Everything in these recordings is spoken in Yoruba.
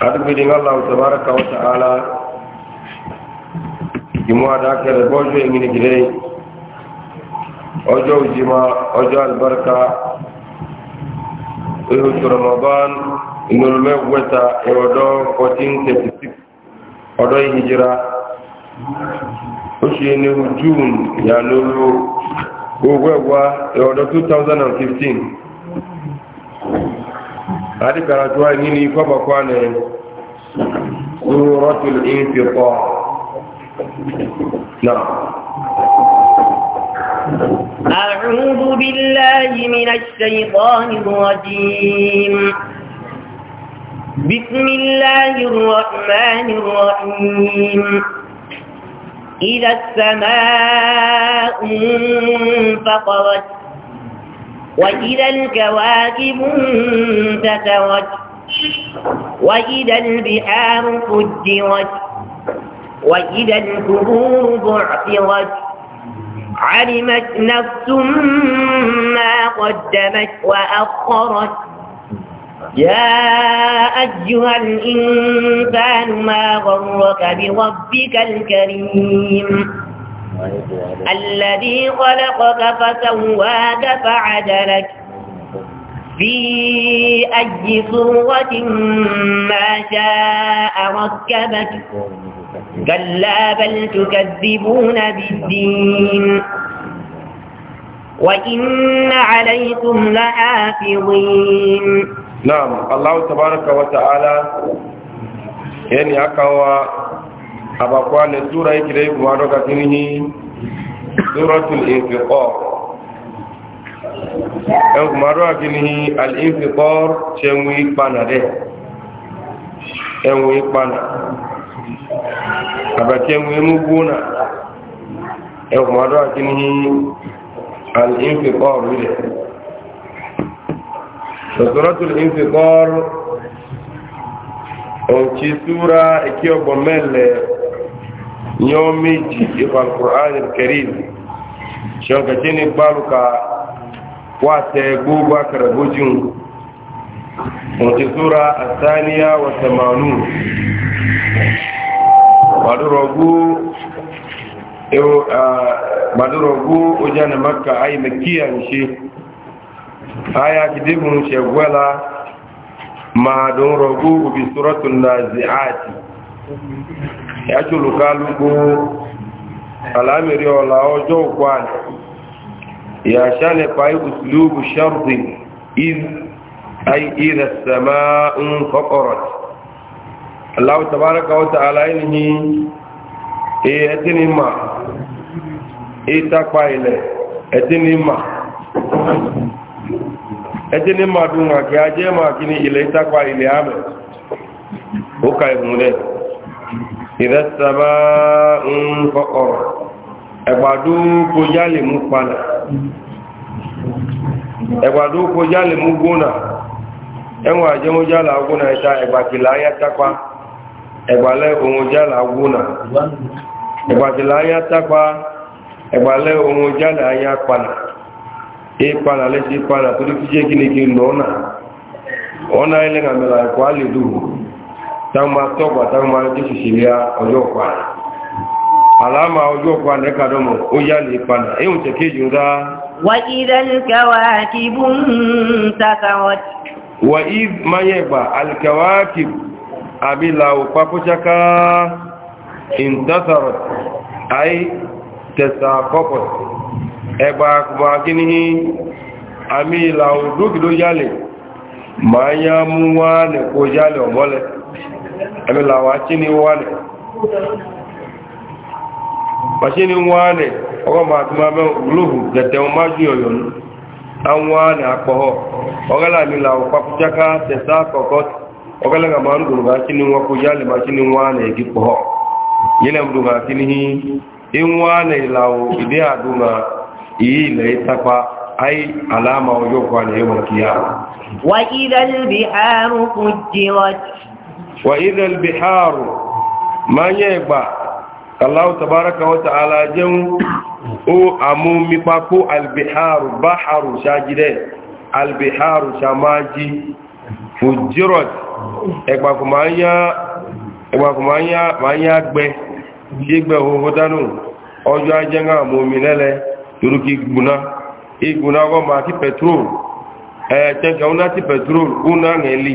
adubidin allah tabaraka wa ta'ala jimuwa da aka rabu ojo ingini gidai ojo ujima ojo albarka ihutu ramadan inulme weta odo 1436 odo hijira oṣe ni june yanolu ogwegwa odo 2015 هذه كراتوا نيني كما كان سورة الانفطار نعم أعوذ بالله من الشيطان الرجيم بسم الله الرحمن الرحيم إذا السماء انفطرت وإذا الكواكب انتثرت وإذا البحار فجرت وإذا الكبور بعثرت علمت نفس ما قدمت وأخرت يا أيها الإنسان ما غرك بربك الكريم الذي خلقك فسواك فعدلك في أي صورة ما شاء ركبك كلا بل تكذبون بالدين وإن عليكم لحافظين نعم الله تبارك وتعالى يعني أكوى abakwa ne sura ikire kuma doka kinihi suratul infiqar en kuma doka kinihi al infiqar chenwu ipana de enwu ipana abachenwu na. en kuma doka kinihi al infiqar wile suratul infiqar onchi sura ikiyo e bomele يوم ميجي يبقى القرآن الكريم شنك جيني بالك واتيقو باكر بوجين وفي سورة الثانية والثمانون بدرغو بدرغو وجان مكة أي مكية نشي آية كدبه شغولا ما دون رغو بسورة النازعات yàtúlùkálùkù alámìrí ọ̀la ọjọ́ òkú àná ìyàṣálẹ̀pá ìkùsùlùkù ṣẹ́rùtì ìdà sàmà ń kọ́kọ̀rọ̀ aláwọ̀ tàbárakà ọ̀tà aláìní ẹ̀ẹ́tìní mà ìtàpá ilẹ̀ ẹ̀tìní mà ẹ̀tìní mà dùn àkíyàjẹ́ mà kí ni ilẹ̀ ìtàpá ilẹ̀ àmẹ́ ó ka ìhùn rẹ̀ ìrẹ́ sábà ń kọ́kọ́ ẹ̀gbàdó kojá lè mú padà ẹ̀gbàdó kojá lè mú gbóná ẹwọ̀n àjẹmójálà ọgbóná ẹ̀ta ẹ̀gbàkìlá ayátápa ẹ̀gbàlẹ́ ohunjálà ọgbóná ẹ̀gbàkìlá ayátápa ẹ̀gbàlẹ́ ohunjálà ayápadà ìpadà lẹ́sí padà tó dúkìjẹ́ kí ni kí n lọ́nà ọ̀nà ẹlẹ́gàmẹ́lá ẹ̀kọ́ táwọn máa tọ́gbà táwọn máa jẹ́ ṣìṣìrí ọjọ́ ọ̀pá rẹ̀ àlámà ọjọ́ ọ̀pá rẹ̀ kàdọ́mọ̀ ó yá lè padà ẹ̀hùn tẹ̀kéjì ń dá وإذا الكواكب انتثرت وإذ ما يبقى الكواكب أبي لو فكشكا انتثرت أي تساقطت أبا كباكنه أمي لو دوك دو جالي ما يموان كو جالي ومولد ẹ̀mí làwọn àṣíní wà nẹ̀ àṣíní wà nẹ̀ ọkọ̀ máa tún máa mẹ́rin olóhùn jẹ̀tẹ̀ wọn máa jùyọ̀ yọ̀ àwọn ànà àpọ̀họ̀ ọgọ́làmí làwọn pàkúṣáká tẹ̀sá àkọ́kọ́ ọgọ́làmí máa ń dùnrùn àṣíní wọn kó وإذا البحار ما يبقى الله تبارك وتعالى جن او امومي باكو البحار بحر شاجده البحار شماجي فجرت اغباكو مانيا اغباكو مانيا مانيا غبه gbígbẹ̀ ohun dánú ọjọ́ ajẹ́ngá àmómi lẹ́lẹ̀ torúkí gbùná ìgbùná ọgọ́ ma ti pẹ̀trol ẹ̀ẹ̀tẹ́gẹ̀ ọ̀nà ti pẹ̀trol ọ̀nà ẹ̀lì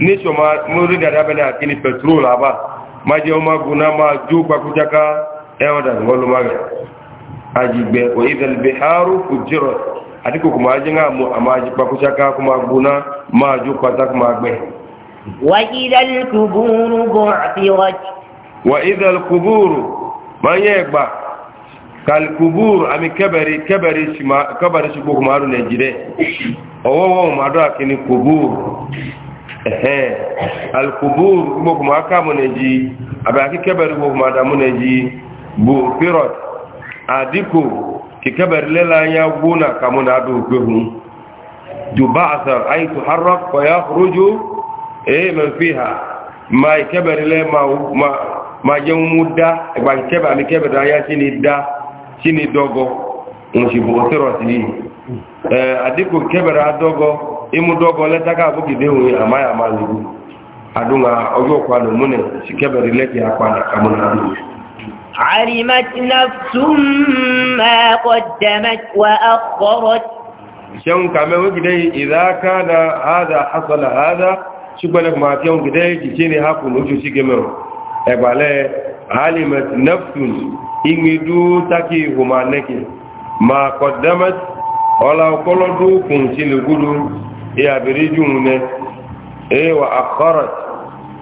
níṣọ́ ma mórí dàdábẹ́lẹ̀ àti ní pẹ̀trol àbá ma jẹ́ ọmọ gúnná ma jó gbakújáká ẹwọ́dà ìwọ́lọ́mà rẹ̀ ajígbẹ́ òyìnbẹ̀lẹ̀ haru kò jírọ̀ àti kòkò ma jẹ́ àmà ají gbakújáká kó ma gúnná ma jó pátá kó ma gbẹ́ wàídàlkùbúrù ma yẹ́ ẹgbà kalkuburu ami kẹbẹ̀rẹ̀ kẹbẹ̀rẹ̀ ṣùgbọ́n ma rú nàìjíríà ọwọ́wọ́ ma dọ́ àkíní ehe alkubur mo kuma aka mu ne ji aba ki kebar mo kuma da mu ne ji bu pirot adiko ki kebar lela ya guna kamu na do gbehu du ba'sa ay tuharrak wa yakhruju eh man fiha ma kebar le ma ma ma je muda ba e, kebar mi kebar ya chini da chini dogo mo si bu pirot ni eh adiko kebar dogo imudɔgɔ lɛ taka aboki de oye ama ya ma lebu adu ŋa ɔyɔ kpa no mu ne sikɛbɛri lɛ ti akpa na kamu na do. علمت نفس ما قدمت وأخرت شون كما وجدي إذا كان هذا حصل هذا شبلك ما تيون كده تشيني هاكو نوشو شيكمو إبالة علمت نفس إنجدو تاكي هما نكي ما قدمت ولا قلدو كنشي لقدو ya biri jumune e wa akharat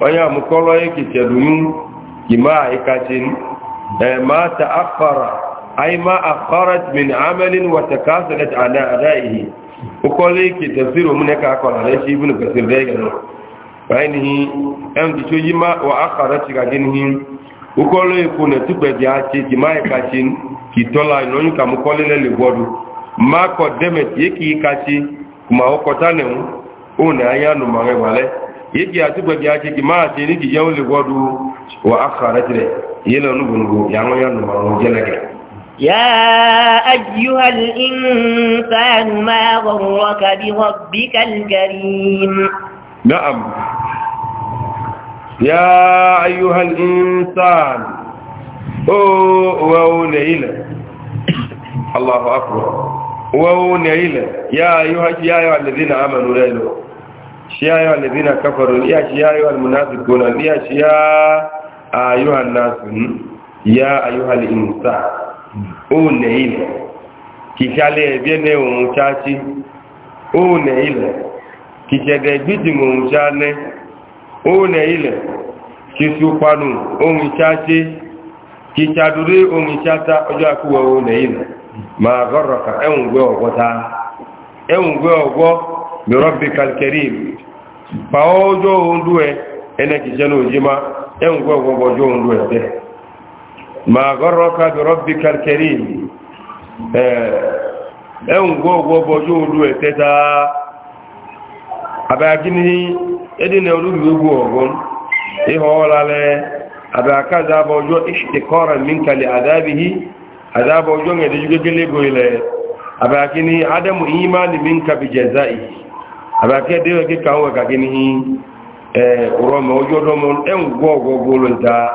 waya mukolo yake tadunu kima ikacin e ma ta'akhara ay ma akharat min amalin wa takasalat ala adaihi ukolo yake tafsiru mun ka kola ne shi ibn kasir da yake bayanihi an e ti choji ma wa akharat ga dinhi ukolo yake ne tupe ya kima ikacin kitola inoyuka mukolo le le ma ko demet yake kuma o kɔta ne ŋu o na aya nu ma ŋɛ wale yi ki ati gbɛ kia kiki maa ti ni kiyɛ le kɔ du wa a fara tirɛ yi la nu bunugu ya ŋɔ ya nu ma ŋu jɛnɛ kɛ. يا أيها الإنسان ما غرك بربك الكريم نعم يا أيها الإنسان أوه وأولئك الله أكبر wao ni ile ya ayuha ya ayuha alladhina amanu lelo ya ayuha alladhina kafaru ya ya ayuha almunafiquna ya ya ayuha an ya ayuha al-insan one ile kikale biene umuchachi one ile kichede gbidi umchane one ile kisupanu umuchachi kichaduri umuchata ojo akuwa one ile ma gọ́rọ̀ka ẹ̀wùn gbé ọ̀gọ́ ta ọgwọ gbé kalkerim pa ọjọ́ ohun dú ẹ ẹnẹ́kì ọgwọ bụ jíma ẹ̀wùn gbé ma gọ́rọ̀ka mìírọ̀bì kalkerim ẹ̀wùn gbé ọ̀gọ́ ọjọ́ ohun dú ẹ azaba ojo ngede yuge gele boile abakini adamu imani minka bi jazai abake dewe ke kawo ka eh urome ojo do mon en gogo golonta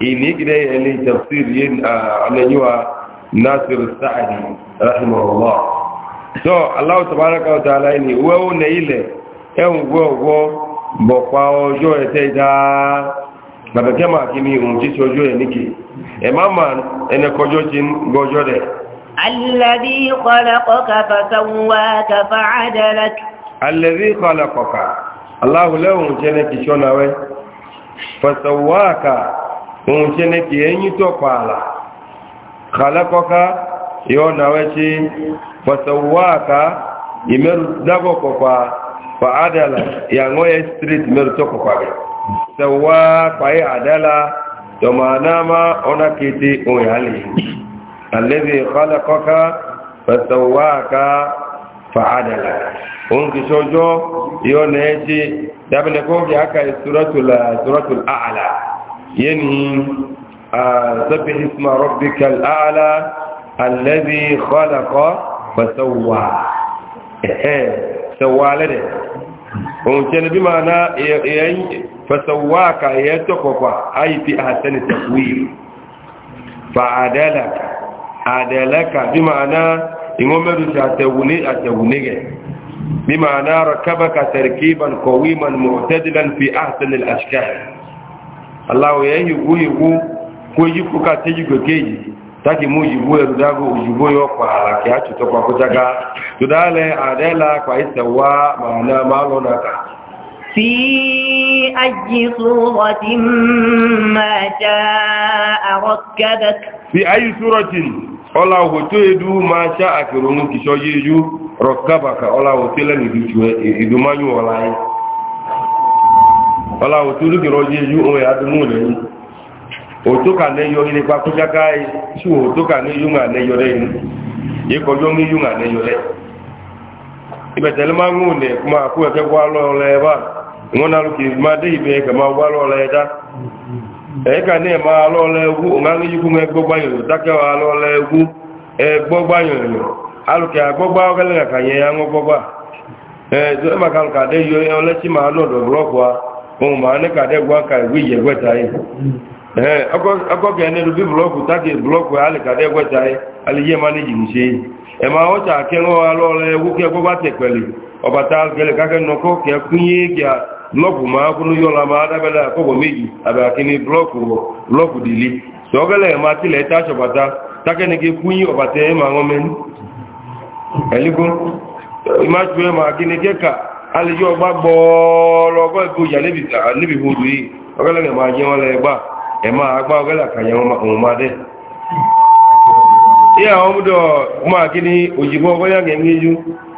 ini gide ele tafsir yin anaywa ah, nasir sa'di rahimahullah so allah tabaaraka wa ta'ala wo ne ile en gogo bo pa ojo إماما إن كجوجين جوجودة الذي خلقك فسواك فعدلك الذي خلقك الله لو جنك شنوي فسواك جنك ينتقال خلقك يونوي فسواك يمر دغوك فعدلك يعني ستريت مرتقك سواك فعدلك yọmọ anáma ọ̀nà kété ohun ìhálì alẹ́bí kọ́lẹ̀kọ́ká fẹ̀sẹ̀wáàká fàádàlá ohun kì ṣọjọ́ yóò na ẹ́ ṣe dábìnẹ́kọ́ bí aka ìsúrọ́tùl ààlà yẹni sọ́bí isma rọ́bíkàl ààlà alẹ́bí kọ́lẹ̀kọ́ fẹ̀sẹ̀wá فسواك يتقف أي في أحسن تقويم فعدلك عدلك بمعنى إمامد أتوني أتونيك بمعنى ركبك تركيبا قويما معتدلا في أحسن الأشكال الله يهيبو يهو كويكو كاتيجو كيجي taki mu yibu eru dago ujibu yo kwa halaki hachu to kwa kutaka tudale adela kwa isawa maana malo naka في أي صورة ما شاء ركبك في أي صورة ọláwọ̀ tó ìdú ṣá kìṣọ́ yé rọ̀kábàkà tó lẹ́nu ìdúmáyù ọláyé ọláwọ̀ tó lùkìrọ̀ yé yú ohun ìyàdúnmù lẹ́yìn òtókà lẹ́yọ nípa kújáká ṣù òtókà lẹ́yọ wọn náà lókè máa dé ìbẹ̀ ẹ̀kà máa wá lọ́ọ̀lẹ́ ẹ̀dá ẹ̀ẹ́kà náà ka lọ́ọ̀lẹ́ ẹgbú òǹgáńgí yíkú ẹgbọ́gbáyòrò tákẹ́wà lọ́ọ̀lẹ́ ẹgbú ẹgbọ́gbáyòrò alùkẹ́ àgbọ́gbá ọgẹ́lẹ́ kàkàyẹ àwọn gbọ́gbà ẹ̀mà ọjà kẹ́rọ alọ́ọ̀lẹ́ ẹgbú kẹ́ gbọ́gbá tẹ̀pẹ̀lẹ̀ ọbàtà gẹ́lẹ̀ kákẹ́ nọkọ́ kẹ́ kúnyé gẹ́ blọkụ ma akwụrụ ihe ọla ma adabela akọgbọ meji abakini blọkụ blọkụ dili sọ ọgẹlẹ e ma tilẹ ẹta aṣọbata takẹni ke kúnyí ọbata ẹ ma wọn mẹni ẹligo imájú ẹ ma kíni ka alẹjọ ọgbà gbọọlọ ọgọ ẹgbẹ òjà níbi hodo ma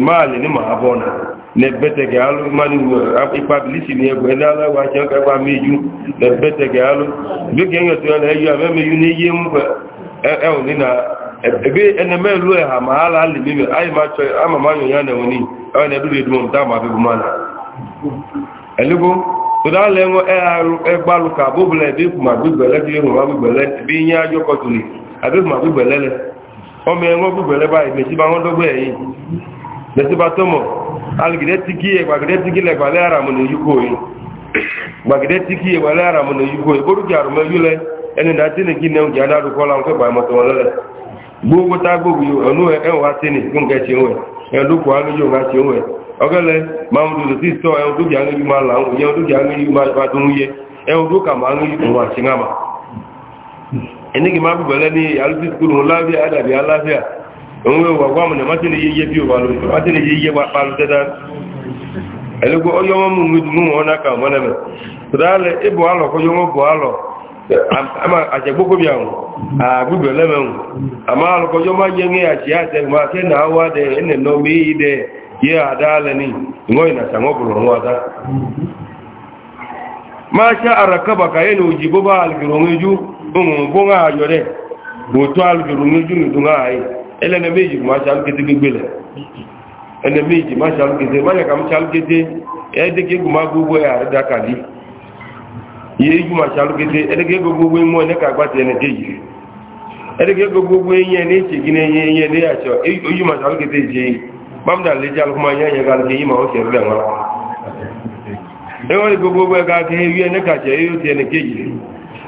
ma ìmáàlì ma màá bọ́ náà lẹ́bẹ̀tẹ̀gẹ̀ alú ìpàbìlìsì ní ẹgbẹ̀ ma aláwọ̀ àṣẹ́kẹ́gbà méjú lẹ́bẹ̀tẹ̀gẹ̀ alú bí kí ẹ̀yẹ̀ tó ẹ̀lẹ̀ ẹ̀yọ àmẹ́mẹ́yú ní yé mú ẹ̀hùn nínà ihe ẹnẹmẹ́lú ẹ̀hà máa láàlì mímẹ̀ ọmọ ẹ̀wọ́n gbígbẹ̀lẹ́ báyìí mẹ́sí bá wọ́n dọ́gbẹ̀ lẹ́sìbá tó mọ̀ alìgìdẹ́ kí ẹgbàgìdẹ́ tí kí lẹ́gbàlẹ́ ara mọ̀ ní yíkó yìí gbàgìdẹ́ tí kí ẹni náà tí ní kí nẹ́hùn nke alárùkọ́ láwọn fẹ́ gbogbo tá gbogbo ọ̀nù ẹ̀wọ̀n àti ní fún kẹ́ ṣe wẹ̀ ẹ̀hùn lóko alójú ọ̀gá ṣe wẹ̀ ọ̀gẹ́lẹ̀ máa ń dòdò sí ma ẹ̀hùn dókè alójú máa làwọn ma dókè alójú máa tó ń onwe w'a gwa m na mmasị na ihe ihe bi ụwa lụrụ mmasị na ihe ihe onye ọma m nwedu mụ ụmụ ọna ka mụ na eme ala ịbụ alọ e onye ọma bụ alọ ama a ahụ agbụgbọ eleme nwụ ama onye ọma nye nwe ya chi ate ma na awa de ene na ome iyi dị ye ada ni na nwa ma arakaba ka ojibo ba ụmụ nwa otu nwa ẹlẹ́nà méjì máa ṣàlùkété gbégbé lẹ̀ ẹlẹ́nà méjì máa ṣàlùkété máyà kà mú ṣàlùkété ẹ́dẹ́gẹ́ gbogbo agbogbo ẹ̀ àrẹ́dá kàlí iye yìí máa ṣàlùkété ẹ́dẹ́gẹ́ gbogbo ẹ̀ mú ẹ̀ nẹ́ka àgbàtì ẹ̀ nẹ́kejì ẹ́dẹ́gẹ́ gbogbo ẹ̀yẹ ní ìṣègì ní ẹ̀yẹ máa ṣàlùkété ṣe bámdà lè jẹ́ alùpùpù máa yẹ̀yẹ̀ gbogbo ẹ̀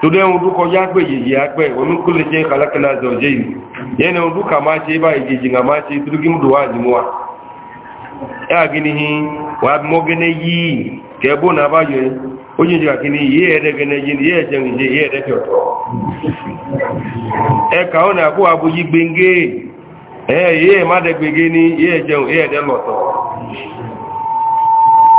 tode ohun dúkọ yá pé yìí apẹ́ olúkúlé jẹ́ kàlákàlá zọ̀jẹ́ yìí yẹn ni dúkà máa ṣe bá ìjèjì nga máa ṣe tó gímù dùwà ní wà ẹ́ àgínihì wà mọ́gẹ́nẹ́ yìí kẹ́bó náà bá yọ ó yìí jìkà kíní yìí ẹ̀ẹ́dẹ́gẹ́nẹ́ yìí yìí ẹ̀jẹ̀ ìṣe yìí ẹ̀ẹ́dẹ́kẹ́ ọ̀tọ̀ ẹ yìí má dẹ́gbẹ̀gẹ́ ní yìí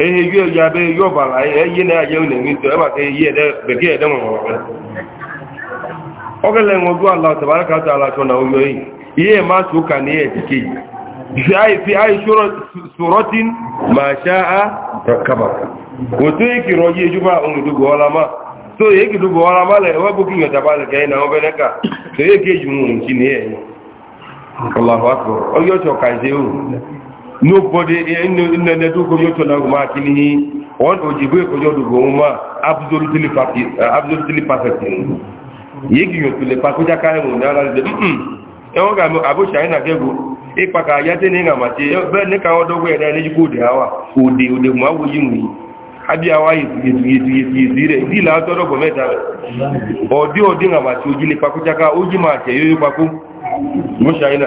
ehe e, e, yi eyu abe yu ọbala eyi na ayewu na e, enwe ito ebe aka eyi ede bekee ede nwụrụ ala tabara ka ta ala chọ na oyo yi ihe ma so ka na ihe etike fi ayi fi a sorotin ma sha'a ma so ye gidugo ọla ma le na obere ka so eji nwụrụ nchi na ihe ọlọrọ akpọrọ ka nze uru nobodi nnene dugom otu na agụma akili ihe ojibo ekonye odugo nwụma abụzolitili pafetin ihe gị nyotule pakụja karị nwụrụ aghazie enwe ga abụchi anyị na ịkpa ka ya dị na ịga amachi ebe ndị ka ọdọ gwe ere n'ejikwa de hawa ụdị ụdị ma agwụghị abịa awa meta ọdị ọdị oji ma ache yoyo pakụ mụcha anyị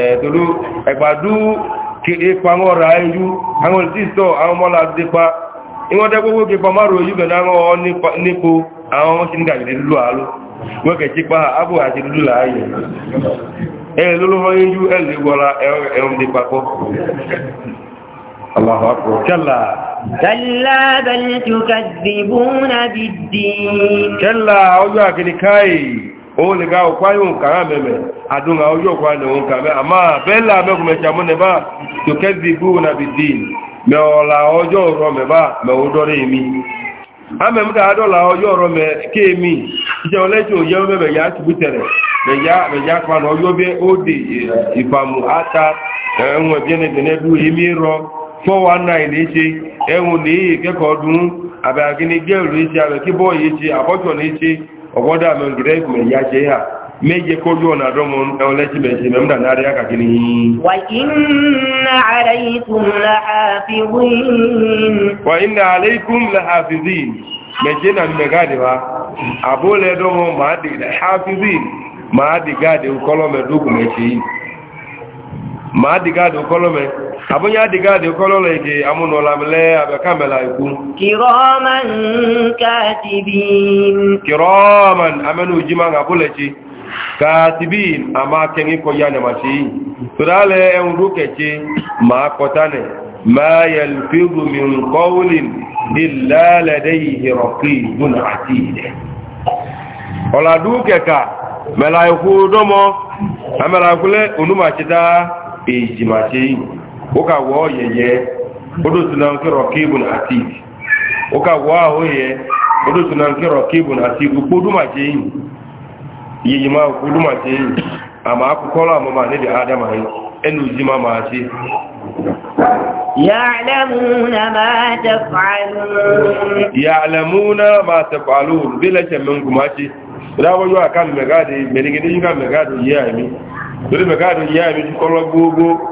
ẹ̀tọ́lú ẹ̀pàdú kí ipanwọ́ ra ẹjú àwọn ìsìsọ́ àwọn mọ́lá dípa ìwọ́n tẹ́ gbogbo kí pàmárò ojú bẹ̀rẹ̀ àwọn nípo àwọn ṣíníkà الله أكبر كلا كلا بل تكذبون بالدين كلا òun lè ga ọ̀pá yóò kàrà mẹ́mẹ́ àdúnà ojú ọ̀pá ní òun kàrẹ́ àmá bẹ́ẹ̀lá mẹ́kùnmẹ́ta mú nẹ́bá tó kẹ́sì búrú na bí dìín mẹ́ọ̀lá ọjọ́ ọ̀rọ̀ mẹ́bá mẹ́ọ̀dọ́rẹ́ mi amẹ́múta adọ́là ọjọ́ ọ̀rọ̀ mẹ́ kéèmí iṣẹ́ ọlẹ́tì òye mẹ́bẹ̀ ata 419 ṣe ẹ̀wọ̀n lè ṣe ọgwọdọ àmì olùdó ikú ẹ̀yà ṣe yà méje kó yóò nà dọ́mọ ọlẹ́sì mẹ́sì mẹ́mdà náàrí àkàkì ní wà iná àlẹ́ikùn láhàfizín mẹ́jẹ́ nà mẹ́gáàdì wa àbólẹ̀ dọ́mọ máa dìgáàdì kọlọ́mẹ́ àbúyá dìgáàdì kọ́lọ́lọ̀ èdè amúnọ̀lámilẹ́ àbẹ̀kámẹ́lá ikú kìrọ́ọ̀mán amẹ́nu òjímá àbúlẹ̀ṣe káàtìbín a máa kẹ́ngí kọjá nẹ̀màṣí tọ́dálẹ̀ ẹun rúkẹ̀ṣe máa kọtánẹ̀ máyẹ̀l ìjìmàṣe yìí oka wɔ yɛyɛ o do sunan kɛ rɔkibun ati oka wɔ aho yɛ o do sunan kɛ rɔkibun ati kpo duma tse yi yiyima kpo duma tse yi ama akokɔlɔ amama ne de adama yi ɛnu zima ma se. يعلمون ما تفعلون يعلمون ما تفعلون بلا منكم ماشي راو يو كان مغادي مليغي دي كان مغادي يامي دول مغادي يامي كولو غوغو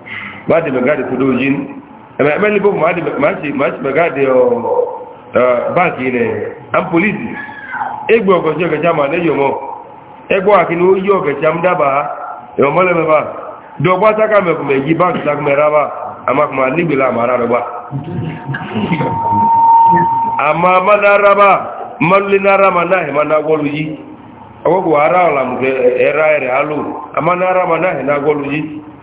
máa dìbẹ̀ gáàdì tó lóòjì ní ẹ̀mẹ̀ ẹ̀mẹ́lì bó máa dìbẹ̀ gáàdì báǹkì ilẹ̀ and polisi egbò ọ̀gọ̀sí ọ̀gẹ̀sí àmà lẹ́yìn ọmọ ẹgbọ́ àkínú ó yí ọ̀gẹ̀sí àmúdábà ẹ̀wọ̀mọ́lẹ́mẹ́bà dọ̀gbá sákàmẹ̀kùnmẹ̀ ara ọ̀làmùkẹ́ eh, eh, na ẹ̀rẹ̀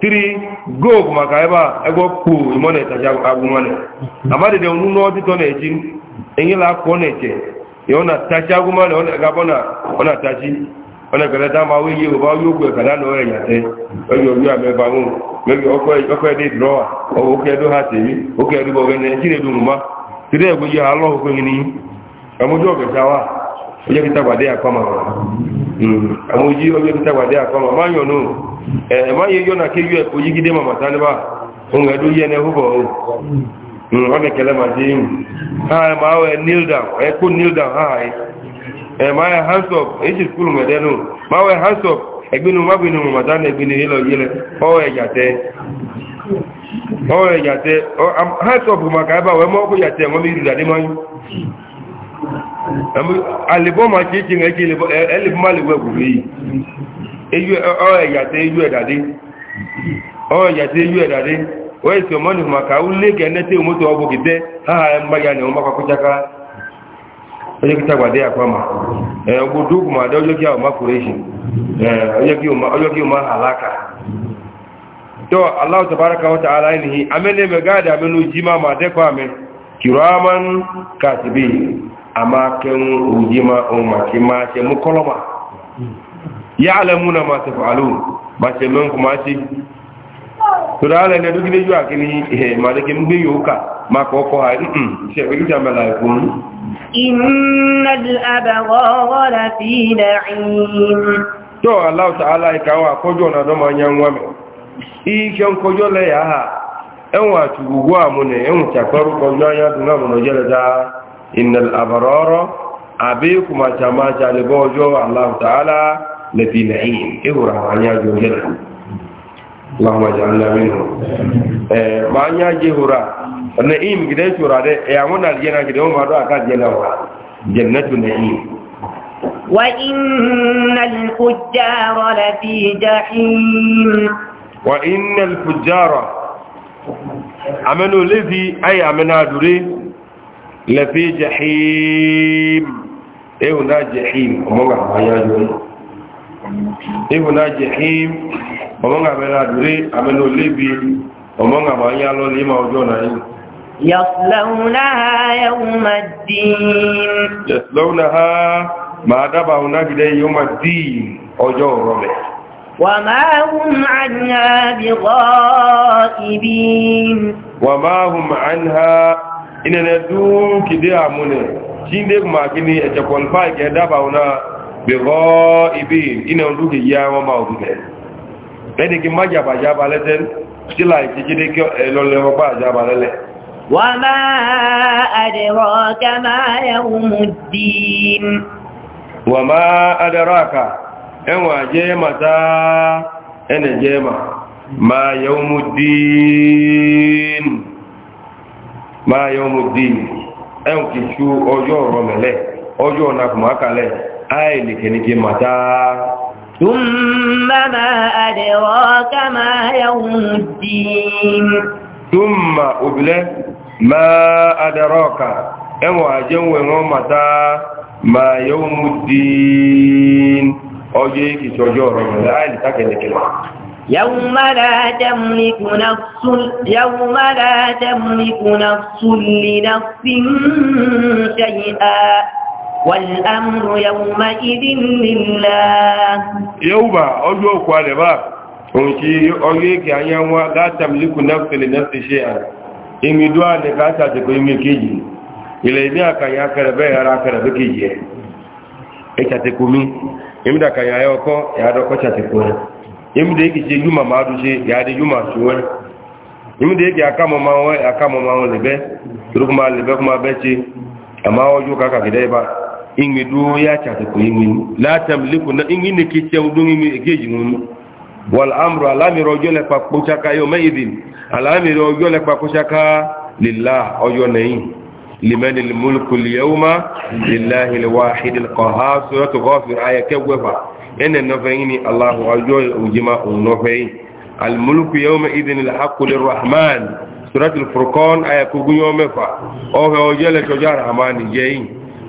tiri gold maka ebe a ego kpu imo na-etachi agwụmanị amadịdị onu n'ọdịtọ na-eji enyela akụkọ na-eche ya ọ na-atachi agwụmanị ọ na-agabọ na ọ na-atachi ọ na-ekeleta ma wee yi oba oyi okwu ekada na ọrịa yate oyi oyi ama ebe ahụ mebi ọkụ ede drọwa ọwụ oke edo ha tiri oke edo bụ ogene chiri edo nwụma tiri egwu yi ha alọọ okwe n'iyi amụji ọgacha wa onye kịta gbade ya kọma hmm. amụji onye kịta gbade ya kọma manyọ n'ụlọ ẹ̀má yẹ yọ́nà kí yú ẹ̀kọ́ yí gídé màmá tánibà ohun ẹ̀dú yẹ ní ẹ̀húbọ̀ ohun ọmọ ìkẹlẹ̀ máa dé yìí ha ẹ̀má ọ ẹ̀ kneel down ẹ̀ eh, kó kneel down ha ẹ̀ eh, hands up èyí ti skúlù mẹ̀dẹ́ nù má ọ ẹ̀ hands up ẹ̀gbinu eh, mábinu màmá tánibà ẹ̀gbinu yẹ lọ yẹ lẹ ọ ẹ̀ yàtẹ́ ọ ẹ̀ yàtẹ́ hands up màkà ẹ̀ bá wẹ̀ mọ́ kó yàtẹ́ wọ́n mi rí dàdé mọ́ yín àlèbọ́ máa ṣe é ṣe ẹ̀ẹ́lẹ́bọ́ má lè wẹ̀ wù ọ̀yàtẹ̀ eyu ẹ̀dàdé ọ̀yàtẹ̀ eyu ẹ̀dàdé wọ́n èsì ọmọ nìkan màkà ó lé kẹ́ẹ̀ẹ́tẹ́ òmótò ọgbò kìtẹ́ háà ẹ̀ ń bá ya nìwọ̀n ma kọjá ọjọ́ kí ma àpamà ọgbò dókùn máa o máa àlákà tó aláwọ̀ tàbárakà wọ́ta aláìní amẹ́lẹ́ mẹ́gáàdà mẹ́nu jí máa máa dẹ́kọ́ àmẹ́ kìrọ́mán kàtìbí ma ya'lamuna ma taf'alun ba se kuma ti tura ala ne dugi ne jua kini ma de ma ko ko ha mm se bi jama la ko inna al-abghara la fi na'im to allah ta'ala ka wa ko na do anyanwụ i ko ya ha en wa en na da innal abrara abikum ma ta'ala لفي نعيم إبرا عن ياجو جنة اللهم اجعلنا منهم ما عن ياجي هرا نعيم كده شورا ده يعمون الجنة كده يوم دعا كاد جنة جنة نعيم وإن الفجار لفي جحيم وإن الفجار عملوا لذي أي عملنا دوري لفي جحيم ايه نا جحيم وما عن ياجو ihuna jehim omonga mena duri ameno libi omonga manya lo lima ojona yi ọjọọ na ad-din ha ma daba unagide yawma ad-din ojo robe وما هم عنها بغائبين وما هم عنها إننا دوك دي عمونا شين ديك ما bẹ̀rọ ibi iná na yí àwọn ọmọ òdúkẹ̀ ẹni kí má jàbà jàbà lẹ́tẹ́ sílà ìtìjídé kí ẹlọ́lẹ́ ọgbà jàbà lẹ́lẹ́ wà máa àdẹ̀rọ̀ ká máa ẹ̀hùn dìín wà máa àdẹ̀rọ̀ àkà ẹwọ̀n àjẹ́ màtá ẹnẹ̀ jẹ́ mà máa yẹ̀hùn dìín ai ne ke nike mata tumma ma adraka ma yawmuddin tumma ubla ma adraka enwa ajenwe ngo mata ma yawmuddin oje ki sojo ro ai ta ke nike يوم لا تملك نفس يوم لا تملك نفس لنفس شيئا والأمر يومئذ لله يوبا أجو a onki oye ki ayanwa la tamliku nafsi li nafsi shay'an imi dua ne ka ta ko imi keji ile mi aka e ya karebe ara karebe keji ya ya ingi du ya chata ko ingi la tamliku na ingi ne kiche udungi mi geji mun wal amru ala mi rojo le pa ko chaka yo maidin ala mi rojo le pa ko chaka lillah ojo nei liman al mulku al yawma lillahi al wahid al qahhar suratu ghafir aya kewfa ene no feyni allah ojo ujima no fey al mulku yawma idin al haqq lir rahman suratu al furqan aya kugunyo mefa o ojo le to jar amani jeyin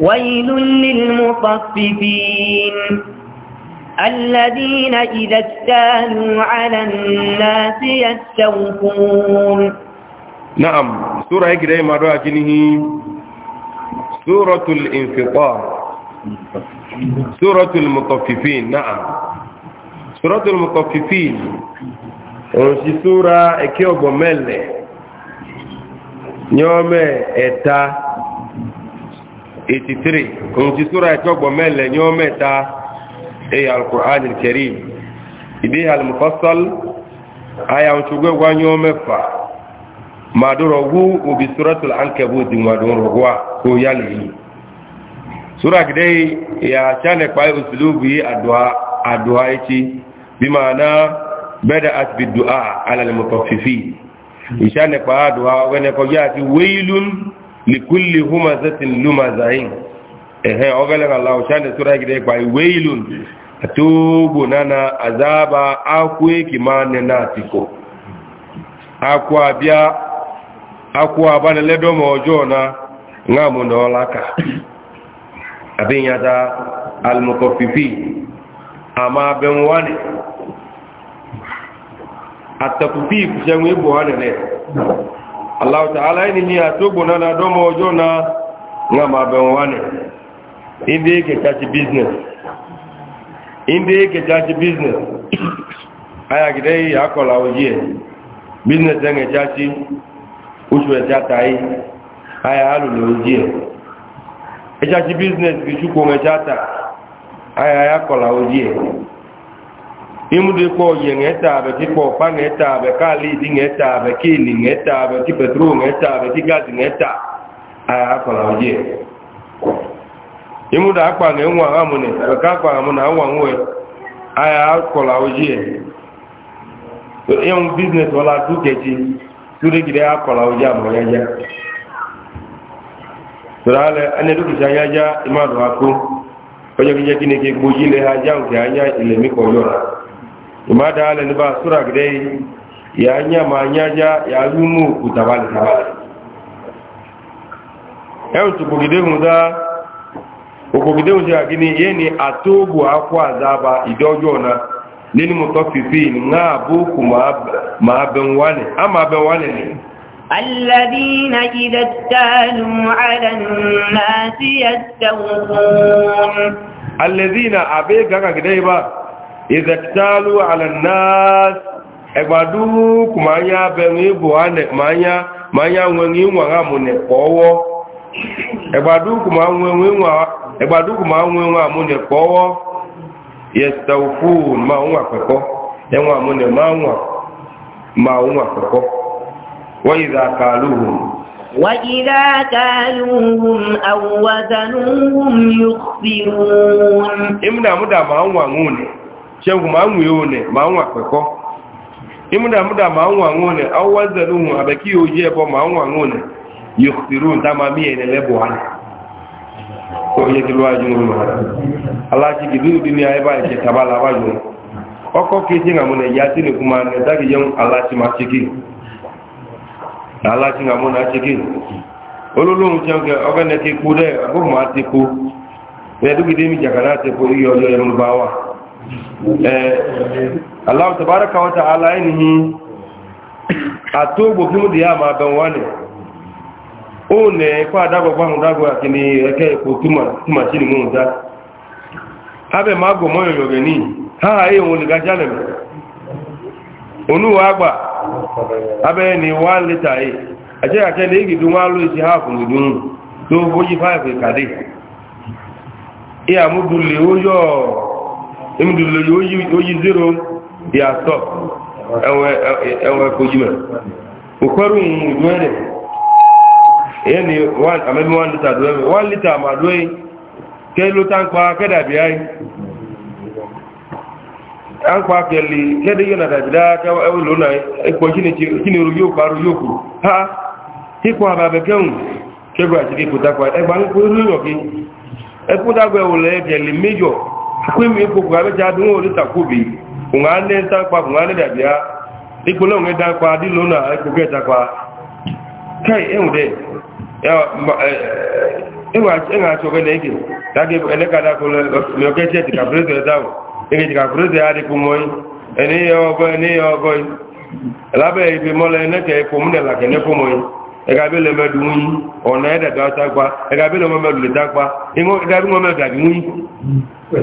ويل للمطففين الذين إذا اكتالوا على الناس يستوفون نعم سورة هكذا ما سورة الانفطار سورة المطففين نعم سورة المطففين ونسي سورة اكيو بومل نيوم اتا 83 òun ti súra ìtọ́gbọ̀ mẹ́lẹ̀ ní ọmọ ẹ̀ta èyí alkùnrin alkẹ̀rí ìdí almufassal ayàwòṣogbẹ́gbà ní ọmọ ẹ̀fà màdúrọ̀gbú òbí súratul ankẹ̀bù ti màdúrọ̀gbà kó yá lèyí súra gidẹ́ ìyà sánẹ̀pá òsìlúbù àdùá ẹ̀kí bí máa ná bẹ́dẹ̀ àti bìdùá alàlẹ̀mọ̀tọ̀fífì ìsánẹ̀pá àdùá ọgbẹ́nẹ̀kọjá àti wéìlún likulli humazatin lumazain ehe ogalega lawo shande sura gide kwa wailun atubu nana azaba akwe kimane natiko akwa bia akwa bana ledo mojona ngamu ndolaka abinyata almukaffifi ama benwani atakfifu shangwe bohane ne Allah ta'ala ni ni atogbo na na domo ojo na nga ma be wani inde ke business inde ke tachi business aya gidei akola oje business nge tachi uchu e tatai aya halu le oje e tachi business bi chuko nge tata aya akola oje imudu kpɔ yɛŋɛ taabɛ ki kpɔkpa ŋɛ taabɛ kaalidi ŋɛ taabɛ keeli ŋɛ taabɛ ki petro ŋɛ taabɛ ki gazi ŋɛ ta aya akpala o imu imudu akpa ŋɛ ŋwa hamu nɛ bɛka akpa hamu nɛ awa ŋu yɛ akpala o wala kɛtsi o ya alɛ kisa ɔyɛ ke gbodzi lɛ anya ilemi kɔ ima da ala ni ba sura gidai ya nya ma nya ja ya yumu utabali tabali yau tuku gide mu da uku gide mu ja gini yeni atubu akwa azaba idojo na nini mutafifi nga buku ma ben wane ama ben wane ne الذين إذا اكتالوا على الناس يستوفون الذين أبيك أنا ìzẹ̀tàlù àlànàás ẹgbàdú kùmáyá bẹ̀rún ìbò máyá wọn ìwọ̀n àmúnẹ̀ pọ̀ọ́wọ́ ẹgbàdú kùmá àmúnẹ̀ pọ̀ọ́wọ́ yẹ̀sẹ̀wòfún máa ń àpẹ̀kọ́ ẹwọ̀n àmúnẹ̀ máa ń àpẹ̀kọ́ wọ́n ìzàkàlùhùn chegwu ma nwee one ma nwa kpekọ ịmụda mụda ma nwa nwa one awụwazelu hụ abekee oji ebe ma nwa nwa one yukhtiru ntamamie nelebu ha onye kilu ajụ nwa alachi gị duu dini ebe anyị chetaba laba jụ ọkọ ka isi nga mụ na ya tinekwu ma neta gị jem alachi ma chiki na alachi nga mụ na chiki olulu ohun chen ke mi jaka na atiku ihe ọjọọ ya mụba wa Eh, Allah tabaraka wa ta'ala ainihi a tó gbogbo mú di yá máa bẹ̀rún wá ní ó nẹ̀ ẹ̀kọ́ àdágbàgbà àwọn dágbà àti ní ẹ̀kẹ́ ìpò tí màá sí ní ni, ha ha máa gọ̀ mọ́yọ̀yọ̀ rẹ̀ ní háà èyí ni wà lẹ́tà yìí àjẹ́ àkẹ́ ha ìgbìdú wọn ló ti háà fún ìdún emudulolo oyi zero ya stop ẹwẹ kojú mẹ òkọrù ń dúẹ rẹ èyí ni àmẹ́bí one litre dúẹ mẹ one litre àmà dúẹ kẹ́ ló tá ń pa kẹ́dàbí ayé à ń pa kẹ́lì kẹ́dẹ́ yóò nàdàbí dáadáa ha kíkọ́ àbàbẹ̀ kẹ́hùn kẹ́gbẹ́ àti kíkọ́ dákọ̀ kwemi ikwu kwa abeja adị nwa orita kwubi nwa nne nta mkpa bụ nwa nne dabịa ikpolo onwe da mkpa dị lo na ekpoko kai enwere enweghachị oge na-ege ka ga eleka dakolo oke chi etika prezo ede ahụ ege jika ka ekwu m nela ka enekwu mmọnyi ẹgbẹ́ lẹ́mọ̀ ẹ̀dùn yìí ọ̀nà ẹ̀dàgbà ọ̀tàgbà ẹgbẹ́ lẹ́mọ̀ ẹ̀dùn lẹ́dàgbà ẹgbẹ́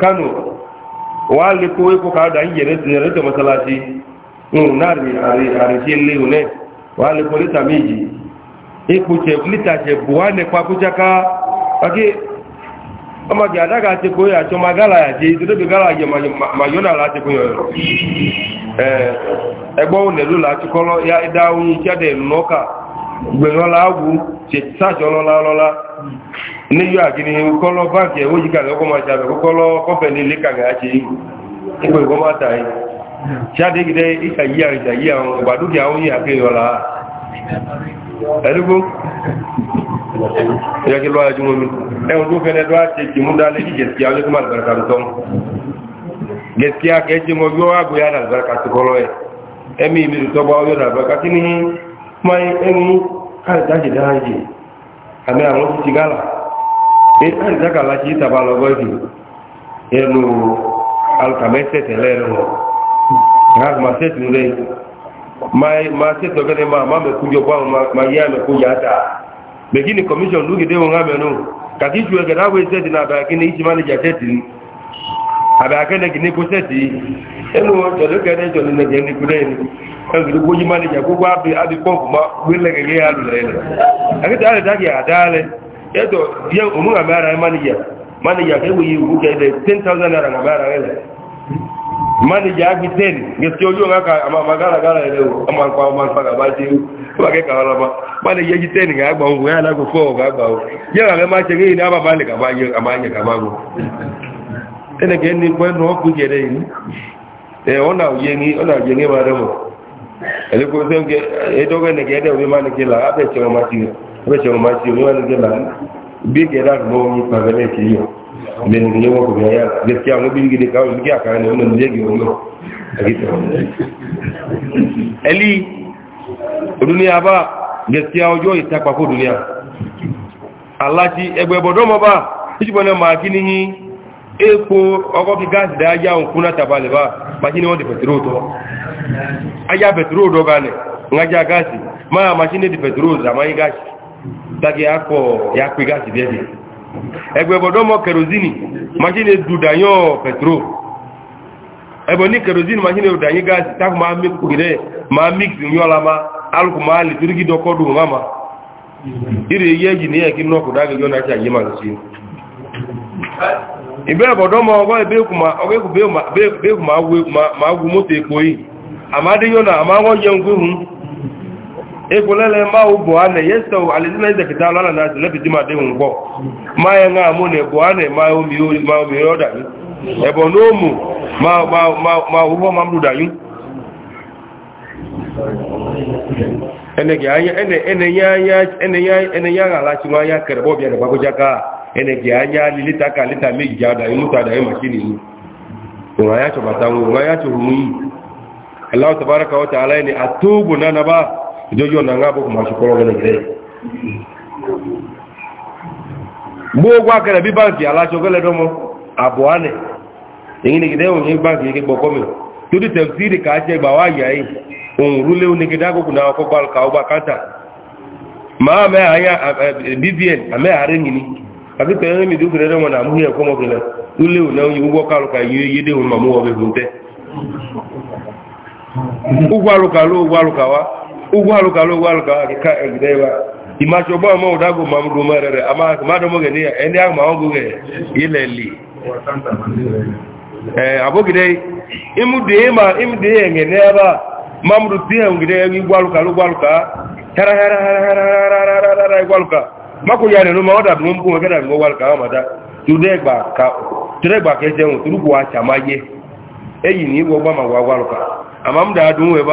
kano wa le kowe ko ka da yere yere to masalaci no na ri ari ari ti le une wa le ko lita méjì e ku che lita che buwa ne pa ku jaka aki ama ga da ga te ko ya to magala ya ti to be gala ya ma yona la te ko yo eh egbo ne lu la ti ko lo ya idawu ti ade noka gbe lo la wu se sa jo lo la lo la ne yọ àgìní kọ́lọ́ báńkì ẹ̀wọ́ yìí kàlẹ́ ọkọ̀ máa ṣàbẹ̀ kọ́lọ́ kọ́fẹ́ ní ilé kàgà á ṣe yìí nígbà ìkọ́ máa tà yìí ṣáàdé gidẹ ìkà yìí àwọn ìjà yìí àwọn ọba dúkìá ó yìí àkè yọ̀la ẹ̀dúgbò ìyá kí lọ́wọ́ ẹjú wọn mi ẹ̀wọ̀n tó fẹ́ lẹ́dọ́ àti ìjìmú dálé ní gẹ̀ẹ́sì àwọn ẹ̀kọ́ máa lùbàrà kà tọ́ gẹ̀ẹ́sì àkẹ́jẹ́ mọ́ yọ àgbóyá lùbàrà kà sí kọ́lọ́ ẹ̀ ẹ̀mí ìlú tọ́gbà ọyọ́ lùbàrà kà sí ní ẹ̀mú káàdì dáṣẹ̀ dáhàjì àmì àwọn ti ti gálà ẹ̀kùn ìjákàlá sí ìtàbà lọ́gọ́ ìdù ẹnu alkàmẹ́sẹ̀tẹ̀ lẹ́rùn ọ̀gbọ̀n sẹ́tù rẹ̀ ma sẹ́tù ọ̀gẹ́dẹ̀ máa má mẹ́kúnjọ ma yí àmẹ́kúnjọ àtà bẹ̀kí ni commission lúgìdé wọn rámẹ́nu kàtí ju ẹgẹ̀dá wé sẹ́tì náà àbẹ̀kẹ́ ní ìṣì mánéjà sẹ́tì ní àbẹ̀kẹ́ ní kìíní kó sẹ́tì ẹnu ọ̀tọ̀lẹ́kẹ́dẹ́ jọ̀lẹ́nẹ̀gẹ́ ní kúrẹ́ ní ẹgbẹ̀rún gbójú mánéjà gbogbo àbí pọ́ǹpù má gbélẹ̀gẹ̀gẹ́ alùlẹ̀ rẹ̀ edo ye omu ga mara manager manager ke wi wu ke de 10000 naira ga mara ele manager 10 ngeske ojo nga ka ama magara gara ele o ama kwa ama sa ga baje u ba ke ka wala ba manager agi 10 ga gba wu ya la ko ko ga gba o ye ga ma che ngi na ba ba le ga ba ye ama ye ga ba go de ni e ona ye ni ona je ni ba ele ko se nge e do ga ne ke de o bi manager la abe che o wẹ́sẹ̀ ọmọ àti oníwà ní gẹ́gbà bí gẹ́dà gbọ́ ní pàgẹ́lẹ̀ kì í yọ lẹ́nu ní wọ́n kò bẹ̀rẹ̀ yára gẹ́sẹ̀ àwọn bí gẹ́dẹ̀ káwọn bí àkàrà ní ọmọ ìdílé gẹ́gẹ́ ọmọ àgẹ́tẹ̀ ẹlí odúnìyà bá gẹ́sẹ̀ ọjọ́ ìtàpàkó dúnìyà aláti ẹgbẹ́ bọ̀dọ́mọba ìṣùgbọ́n náà máa kí ní epo ọkọ̀ kí gáàsì dá yá òkun náà tàbálẹ̀ bá machine wọ́n di pẹ̀tíró tọ́ ayá pẹ̀tíró dọ́gbalẹ̀ ń gájá gáàsì máa machine di pẹ̀tíró zàmáyé gáàsì tagi akọ ya pe gáàsì bí ẹbí ẹgbẹ́ bọ̀dọ́ mọ́ kẹrosínì machine dùdàyàn petro. ẹbọ̀ ní kẹrosínì machine dùdàyàn gáàsì tákù máa mí kùgìdẹ́ máa mix yọ́la ma alùkù máa lè torí gídọ́ kọ́ dùn máma ìrè yẹ́ jì ní ẹ̀kí nọ́kù dágẹ̀ yọ́n láti àyè máa sí ìbẹ́ bọ̀dọ́ mọ́ ọgọ́ ìbẹ́kù máa wú mọ́tò èkó yìí àmádé yọ́nà àmáwọ́ yẹun gbéhùn ekolele ma wo bo ane yesa wo alizina yesa kita lala na lebi dima de ngbo ma ye nga mo ne bo ane ma o mi o ma o mi o da ni e bo no mu ma ma ma ma wo ma mdu da ni ene ge anya ene ene ya ya ene ya ene ya ala chi ma ya kere bo bi ne ba jaka ene ge anya li lita ka lita meji ja da ni muta da ni machine ni ko ya cho bata wo ya cho mu yi Allah tabaraka wa ta'ala ne atubu na na ba ìjọjọ́ na ngabo kuma ṣe kọ́lọ́ gẹ́lẹ̀ gẹ́lẹ̀ gbogbo akẹ́lẹ̀ bí báńkì aláṣọ gẹ́lẹ̀ dọ́mọ àbọ̀ ánẹ̀ èyí ni gẹ́gẹ́ òun ní báńkì yìí gbọ́kọ́ mi tó ti tẹ̀ sí ìdíkà jẹ́ gbà wá yà yìí òun rúlé ní gẹ́gẹ́ àgùkù náà ọkọ̀ gbàlùkà ọgbà káńtà máa mẹ́ àyà bbn àmẹ́ àárẹ̀ yìí ni àti tẹ̀lé ugwu alụkala ugwu alụkala a egide ebe imachi ọgbọ ma ụdagụ ma mdụ merere amaghị mmadụ m ya ndị ahụ ma ọ gụghị ileli ee abụgide imụdee ma imụdee ya ngene ebe ma mdụ tie ngide ya igwu alụkala ugwu alụkala hara hara hara hara hara hara igwu alụkala ya rere ma ọ dabụ mkpụ nwekere ngwa ụgbọ alụkala mata tudegba ka ejenwu turukwu na igwe ma gwa ama m da adụ nwe ebe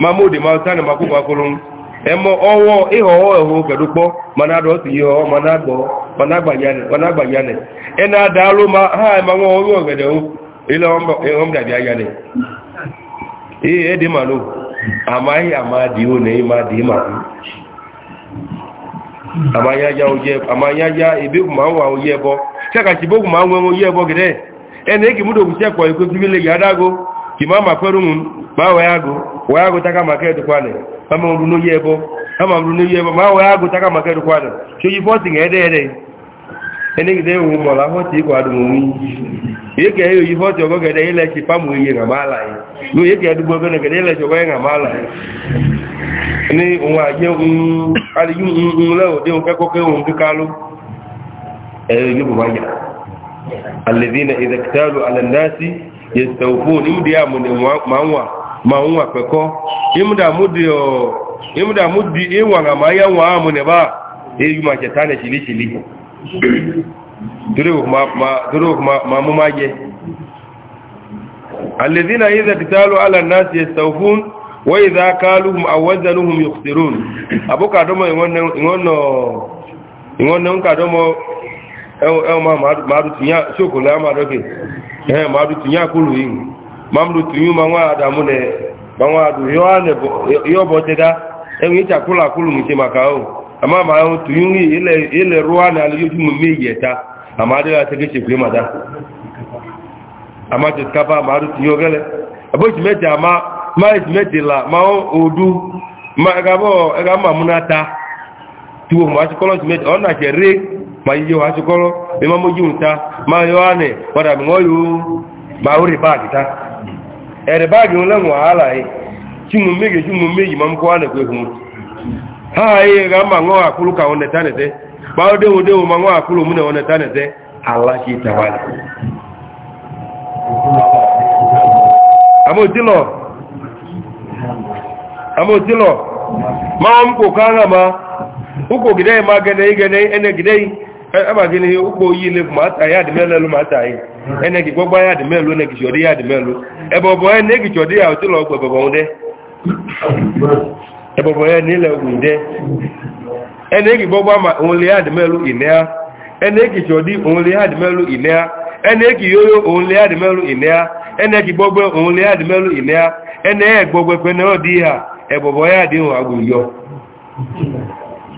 ma mode ma ta na makwụkwọ akụrụ eme ọwọ ịghọ ọwọ ehu kedu kpọ mana adọ otu ihe ọ mana agbọ mana agbanye anị ị na-ada alụ ma ha ema nwa onye ogede ile ọm dabịa anya nị ihe dị manụ amaghị ama dị o na ịma dị ma amanya ya ebegwu ma nwa onye ebo chakachi bogwu ma nwe onye ebo gede ena eki mụdogwu chekwa ekwe kibile ya adago kimama kwerungun mawe yago wayago taka makedu kwane kama urunu yebo kama urunu yebo mawe yago taka makedu kwane chuji force ngedere ene gide wu mola hoti ko adu mu yeke yo e yi hoti ogo gede ile chi pamu yi nga mala yi no e yeke adu bogo ne gede ile chogo nga mala yi ni unwa ye un ali yu un le o de yẹsẹ̀wòfó nímúdé àmúnwà màúnwà pẹ̀kọ́ ìmúdàmúdí ìwàrà máa yá wọn àmúnẹ̀ bá èyí ma jẹta nẹ̀ ṣìlí ṣìlí dúró ma mú máa jẹ alèzínà yìí zẹ̀ títàlù alànàsì yẹsẹ̀wòfún wọ́n ìdá kálùhùn àwọ́zẹ̀lùhùn yòkùsìrún àbúkàdọ́mọ̀ ìwọ́n náà ń kàdọ́mọ̀ ẹwọ́n máa máa dùn ee ma adụ tinye akụrụ ihu ma m rutinye ma nwa adamụ na ma nwa adụ ihe ọbọchịga enwe iche akụlụ akụlụ nche maka ahụ ama ma ahụ tinye nwe ile rụọ na ala yoju mume iyi eta ama adịghị atega echekwe mada ama chetkapa ma adụ tinye ogele ama ma la, ma odu ma mma mụ na tuwo ma achịkọrọ ọ na-ache ma iye wa achịkọrọ mi ma moji nta ma yo ane wada mi ngoyu ma uri bagi ta ere bagi nle nwa ala yi e, ti mu mege ti mu meji ma mko ane kwe hun ha ye ga ma ngo akulu ka one tane de ba de o de o ma ngo akulu mu ne one tane de ala ki tawali amo tilo amo tilo ma mko kanga ma uko gidai ma gane gane ene gidai agbaghị n'ihe ụgbọ oyi ma ata ya ma gbọgba ya dị melụ enegichi ọdị ya dị na-egichi ọdị ya otila ọgwụ ebebọnde ebe bụ onye niile ugwunde enegi ma onwele ya adị melụ inea enegichi ọdị onwele ya dị melụ inea enegi yoyo ya ya ya ya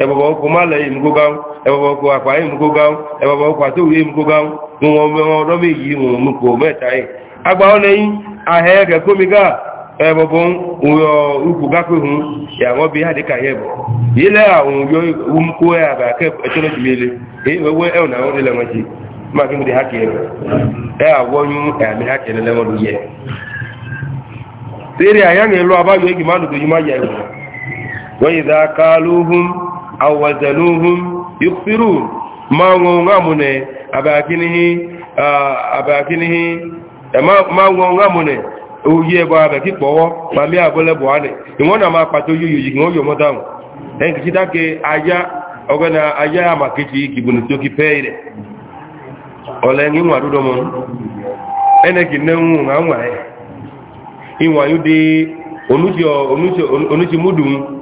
ẹ̀bọ̀bọ̀ ọkụ má lẹ̀ ìmúkó gáún ẹ̀bọ̀bọ̀ ọkọ̀ àpá ìmúkó gáún ẹ̀bọ̀bọ̀ ọkọ̀ àtòwé ìmúkó gáún wọn mẹ́wọn ọdọ́ méjì wọn mú kò mẹ́ta yìí agbà ọ́ ya ahẹ́ kẹ́kọ́mígà ẹ̀bọ̀bọ̀ ukù gápé hun ìyàwó bí àdíkà yẹ bọ̀ yìí lẹ́ àwọn yọ umkó ẹ̀ àbà ẹ̀tọ́lọ́jì mele èyí wẹ́wẹ́ ẹ̀ wọn kí di lọ wọ́n yìí dá aw wazanuhum yukhsirun ma ngonga mune abakinihi abakinihi e, ma ngonga mune oye ba be ki powo ma mi abole bo ane won na ma pato yuyu yi won yo mo dawo en ki ta ke aya ogana aya ma kichi ki bunu to ki peire ole ngi wa dudo mo ene ki ne wu nga wa e iwa yu di onuti onuti onuti mudun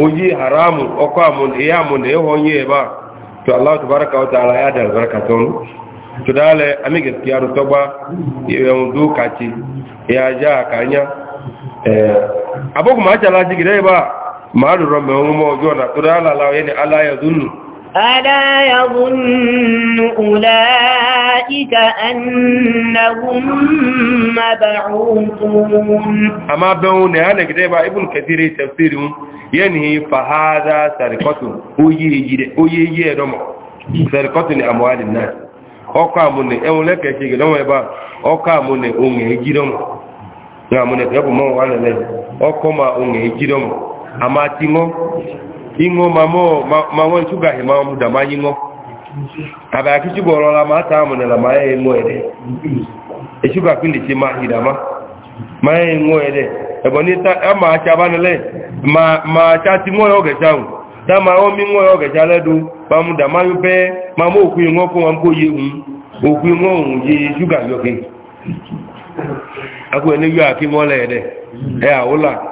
onye haramu ọkọ amụn ihe amụn ihe onye ebe a to allah tabaraka wa ta'ala ya da albarka tonu to dale ami gaskiya ru togba yewu du kachi ya ja kanya eh aboku ma chala jigire ba ma ru ro me mo jo na to ala la yene ala ya zunnu ألا يظن أولئك أنهم مبعوثون أما بون أنا كتاب ابن كثير تفسير ينهي فهذا سرقة أيجي رمى سرقة لأموال الناس ọkọ̀ àmúnẹ̀ ẹ̀wọ̀n lẹ́kẹ̀ẹ́ṣe ìgbẹ̀lọ́wọ̀ ẹ̀bá ọkọ̀ àmúnẹ̀ ohun èjìdọ́mù ní àmúnẹ̀ tẹ́bùmọ́ ya lẹ́lẹ́ ọkọ̀ ma ohun èjìdọ́mù a máa ti mọ́ ingo ma mawo chuga he mawo da manyingo aba akichugoro la mata amune la maye ngwere echuga ama ma ma chati moyo gechawu dama o mi moyo gechaledu pamuda mayupe mamo okuyingo ko wamko yewu okuyingo yu e awula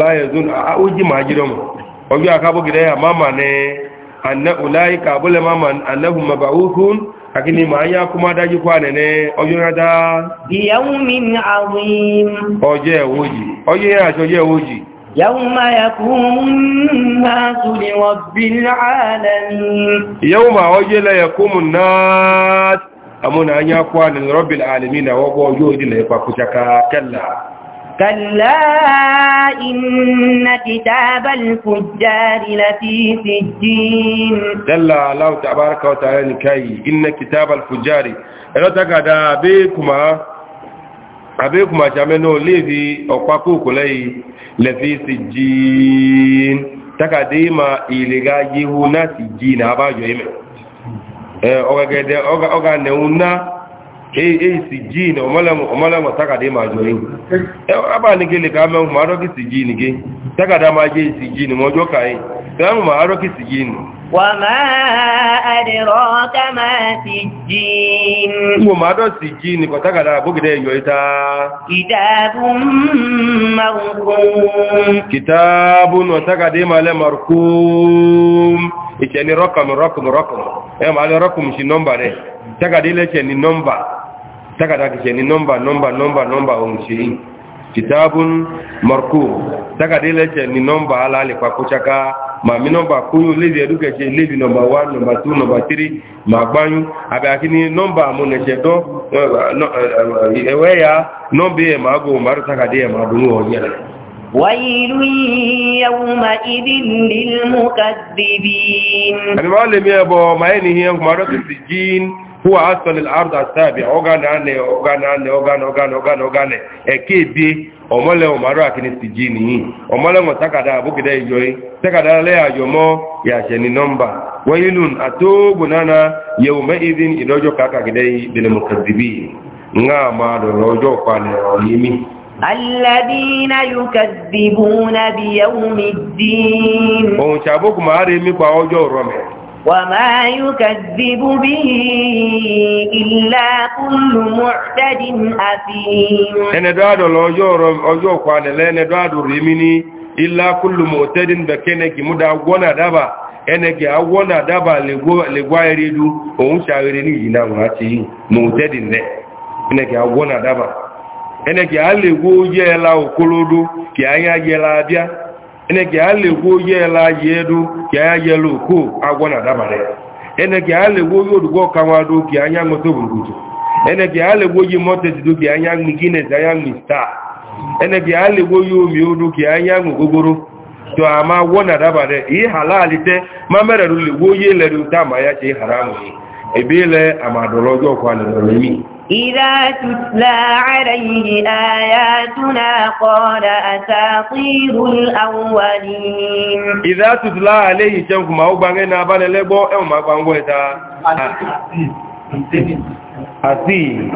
láyẹ̀zún àójí máa jí lọ́mù ọjọ́ àkábógidẹ́ yà ní ọláyíká abúlé máa mà anẹ́hùn mọ̀bà òkun máa yá kú máa dájú kú ànẹ̀ẹ́ ọjọ́ rádá ọjọ́ ẹ̀wọ́jì ọjọ́ yẹ́ àṣọ ọjọ́ ẹ̀wọ́jì يوم ya الناس لرب كلا إن كتاب الفجار لفي سجين دل الله تبارك وتعالى كي إن كتاب الفجار ẹ̀rọ takàdá àbẹ́kùnmà sàmẹ́nà léèfi ọ̀pákó kò lẹ́yìn lẹ́fí sí jíìn takàdé ma ìlera yíhú náà sí jíìn àbájọ ìmẹ̀ ọ̀gẹ̀gẹ̀dẹ̀ ọgá nẹ̀hún náà aac jin ọmọlẹ́mọ̀ ọmọ tagada ma jọ yìí ẹ̀bá ní kele ká mẹ́wọ́n ma rọ́kìsì jin nìké tagada ma jẹ́ èsì jin mọ́ ọjọ́ ka yìí ká mẹ́wọ́n ma rọ́kìsì jin nì. wàmà àdìrọ kàmá sí jin. ngbọ ma dọ si jin nìkọ tagada bókìdá ẹ̀yọ yìí taa. kìtàbù mọ̀kún. kìtàbù nù tagada ma lẹ́ mọ̀kún. ìṣẹ̀lẹ̀ rọ́kùn rọ́kùn rọ́kùn ẹ̀ ma lẹ́ rọ́kùn e, mi sí nọ́mbà rẹ̀ tagada lẹ́ṣẹ̀ ni nọ́mbà. takada kìsẹ̀ ní nọ́mbà nọ́mbà nọ́mbà nọ́mbà ohun ṣe yìí kìtàbùn mọ̀rkù takadé lẹ́sẹ̀ ní nọ́mbà alálẹ̀ papọ̀chaka màmí duke kúrò lébi ẹ̀dúkẹ̀ṣẹ̀ lébi nọ́mbà wá nọ́mbà tó nọ́mbà tírí mà gbáyún àbẹ̀ àkíní nọ́mbà amúnẹ̀ṣẹ̀ dọ́ ẹ̀wẹ́ ya nọ́mbà ẹ̀ máa gò márùn takadé ẹ̀ máa dùn wọ̀ yẹn. ويل يومئذ للمكذبين. أنا ما يا أبو ما يعني هي ما رأت huwa asfal al-ard asabi ọgana ne ọgana ọgana ọgana ogana ogana ogana ekebi omole omaro takada abugida yoi takada le ajomo ya sheni number wailun atugunana yawma idhin idojo kaka gidai nga الذين يكذبون بيوم الدين. أو شابوك ما أري مي باوجو رمي. وما يكذب به إلا كل معتد أثيم أنا داد الأجور قال لا أنا الرميني إلا كل معتد بكنك مدى دابا ẹnẹgẹ ẹnẹgẹ ẹnẹgẹ ene ke ale wo ye la ye do ke ya ye lo ko agwo na dabare ene ke ale wo yo do ka wa do ke anya ngoto burutu ene ke ale wo ye mote do ke anya mi gine za ya mi star ene ke ale wo omi mi o do ke anya ngogoro to ama wo na dabare i halali te ma mere do le wo ye le do ta ma ya che haramu ebile amadolo jo kwa le mi إذا تتلى عليه آياتنا قال أساطير الأولين إذا تتلى عليه جنك ما هو بانينا باللبو أو ما بانويتا أسيم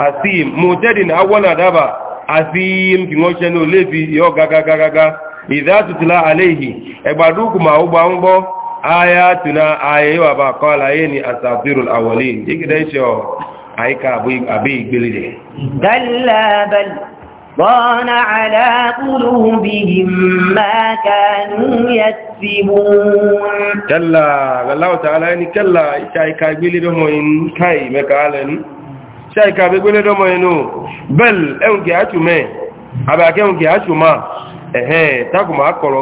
أسيم مجدين أولا دابا أسيم كنوشن لفي يو غاغا غاغا إذا تتلى عليه إبادوك ما هو بانبو آياتنا آيوة بقال آيني أساطير الأولين إكدا إيش àyíká àbí ìgbélé rẹ̀. Gálàbàl, bọ́nà àdákùrù bí i máa kàánú yẹ ti mú. Kẹ́là, aláwọ̀ta aláyé ni kẹ́là iṣẹ́ àyíká ìgbélé rẹ̀ mọ́ inú káì mẹ́ka alẹ́nu. Iṣẹ́ àyíká ìgbélé rẹ̀ mọ́ inú, bẹ́l ẹ̀hùn kìí akọ̀rọ̀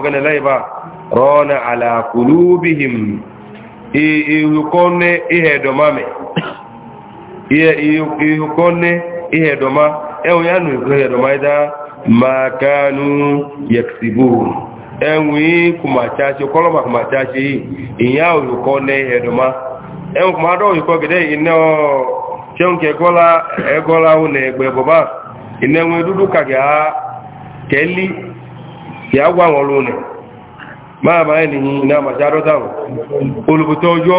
gẹ́nẹ̀ láìbá, rọ́nà àlàkùrù bí i ní ìhẹ̀dọ̀ máa ihukone ihe doma ewu ya nụ ihe doma ịda makanu yaksibu enwe kumachachi koloma kumachachi iya ihukone ihe doma enwe kuma adọ ihukọ gede ine ọ cheun ke gola egola ahụ na egbe bọba ine enwe dudu ka ga keli ya gwa nwọrọ une ma ma enihi na amacha adọta olubute ọjọọ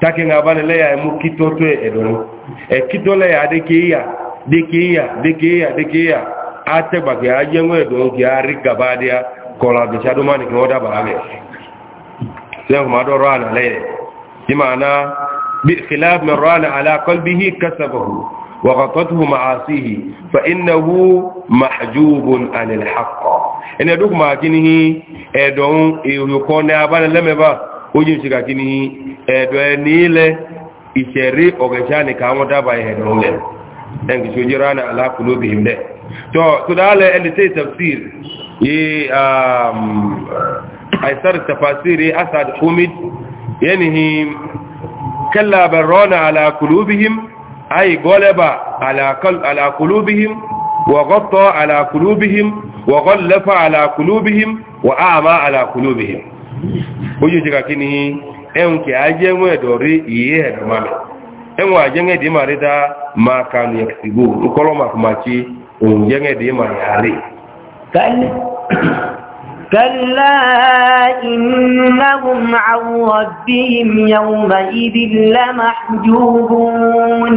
take nga bane le ya mu kito to e do e kito le ya de ke ya de ke ya de ke ya de ke ya ate ba ke aje ngo e do ki ari gabadia kola de chado mani ko da ba le se ma do rana le di mana bi khilaf min rana ala qalbihi kasabahu wa ghatathu ma'asihi fa innahu mahjubun anil haqq ene duk ma kinihi e do e ko ne ba ojú ti kàkí ní ẹ̀dọ̀ ẹni ilẹ̀ ìṣẹ̀rí ọ̀gẹ̀ṣà ní káwọn dábà ẹ̀dọ̀ ilẹ̀ ẹnkì tí ó jẹ́ ránà alákùlóbì ilẹ̀ tó dáálẹ̀ ẹni tí tafsir yí e, àìsàrì um, tafasiri e, asad humid yẹnihi e kẹlàbẹ̀ rọ́nà alákùlóbìhim ayi gọ́lẹ̀bà alákùlóbìhim wọ̀gọ́tọ̀ alákùlóbìhim wọ̀gọ́lẹ̀fà alákùlóbìhim wọ̀ àmà alákùlóbìhim oye ti kaki ni ẹun kì á jẹ́ wọ́n ẹ̀dọ̀ rí ìyé ẹ̀dọ̀ máa mẹ́ ẹwọ́n àjẹ́ngẹ̀dì máa rí dá máa ka ní ẹ̀sìgbò nkọ́lọ́ máa kò máa ti òun jẹ́ngẹ̀dì máa yà rí. kẹ́lá ìnáwùn àwọ̀ bí yàwùmá ibi lámà jùbùn.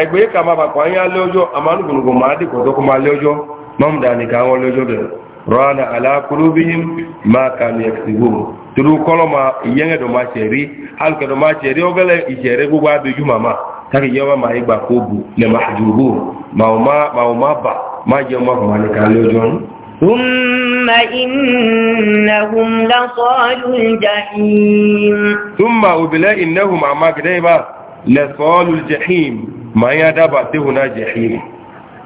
ẹgbẹ́ kama bàkọ̀ anyi alẹ́ ọjọ́ amánugùnugùn máa dìkọ̀ tó kọ́ máa lẹ́ ọjọ́ mọ́mdà nìkan àwọn lọ́jọ́ bẹ̀rẹ̀ rọ́nà alákùrúbíyìn máa kàmì ẹ̀kìsìgbò tìlú kọ́lọ́mà ìyẹ́ngẹ̀dọ̀ máa ṣẹ̀rí alùkẹ̀dọ̀ máa ṣẹ̀rí ọgẹ́lẹ̀ ìṣẹ̀rẹ́ gbogbo abẹ́jú máa ìgbà kó bù lẹ́màá àjùgbò ثم إنهم لصالوا الجحيم ثم وبلا إنهم عما كده لصالوا الجحيم ما يدبع تهنا جحيم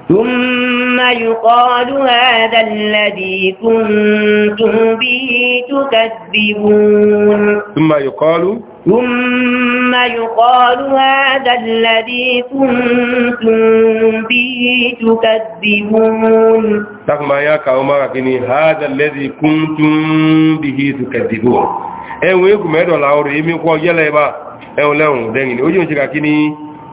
ثم يقال هذا الذي كنتم به تكذبون ثم يقال ثم يقال هذا الذي كنتم به تكذبون ثم يا قوم هذا الذي كنتم به تكذبون ايوه يكم هذا لاور يمي كو يلهبا ايوه لهون دين اوجو شي كاكيني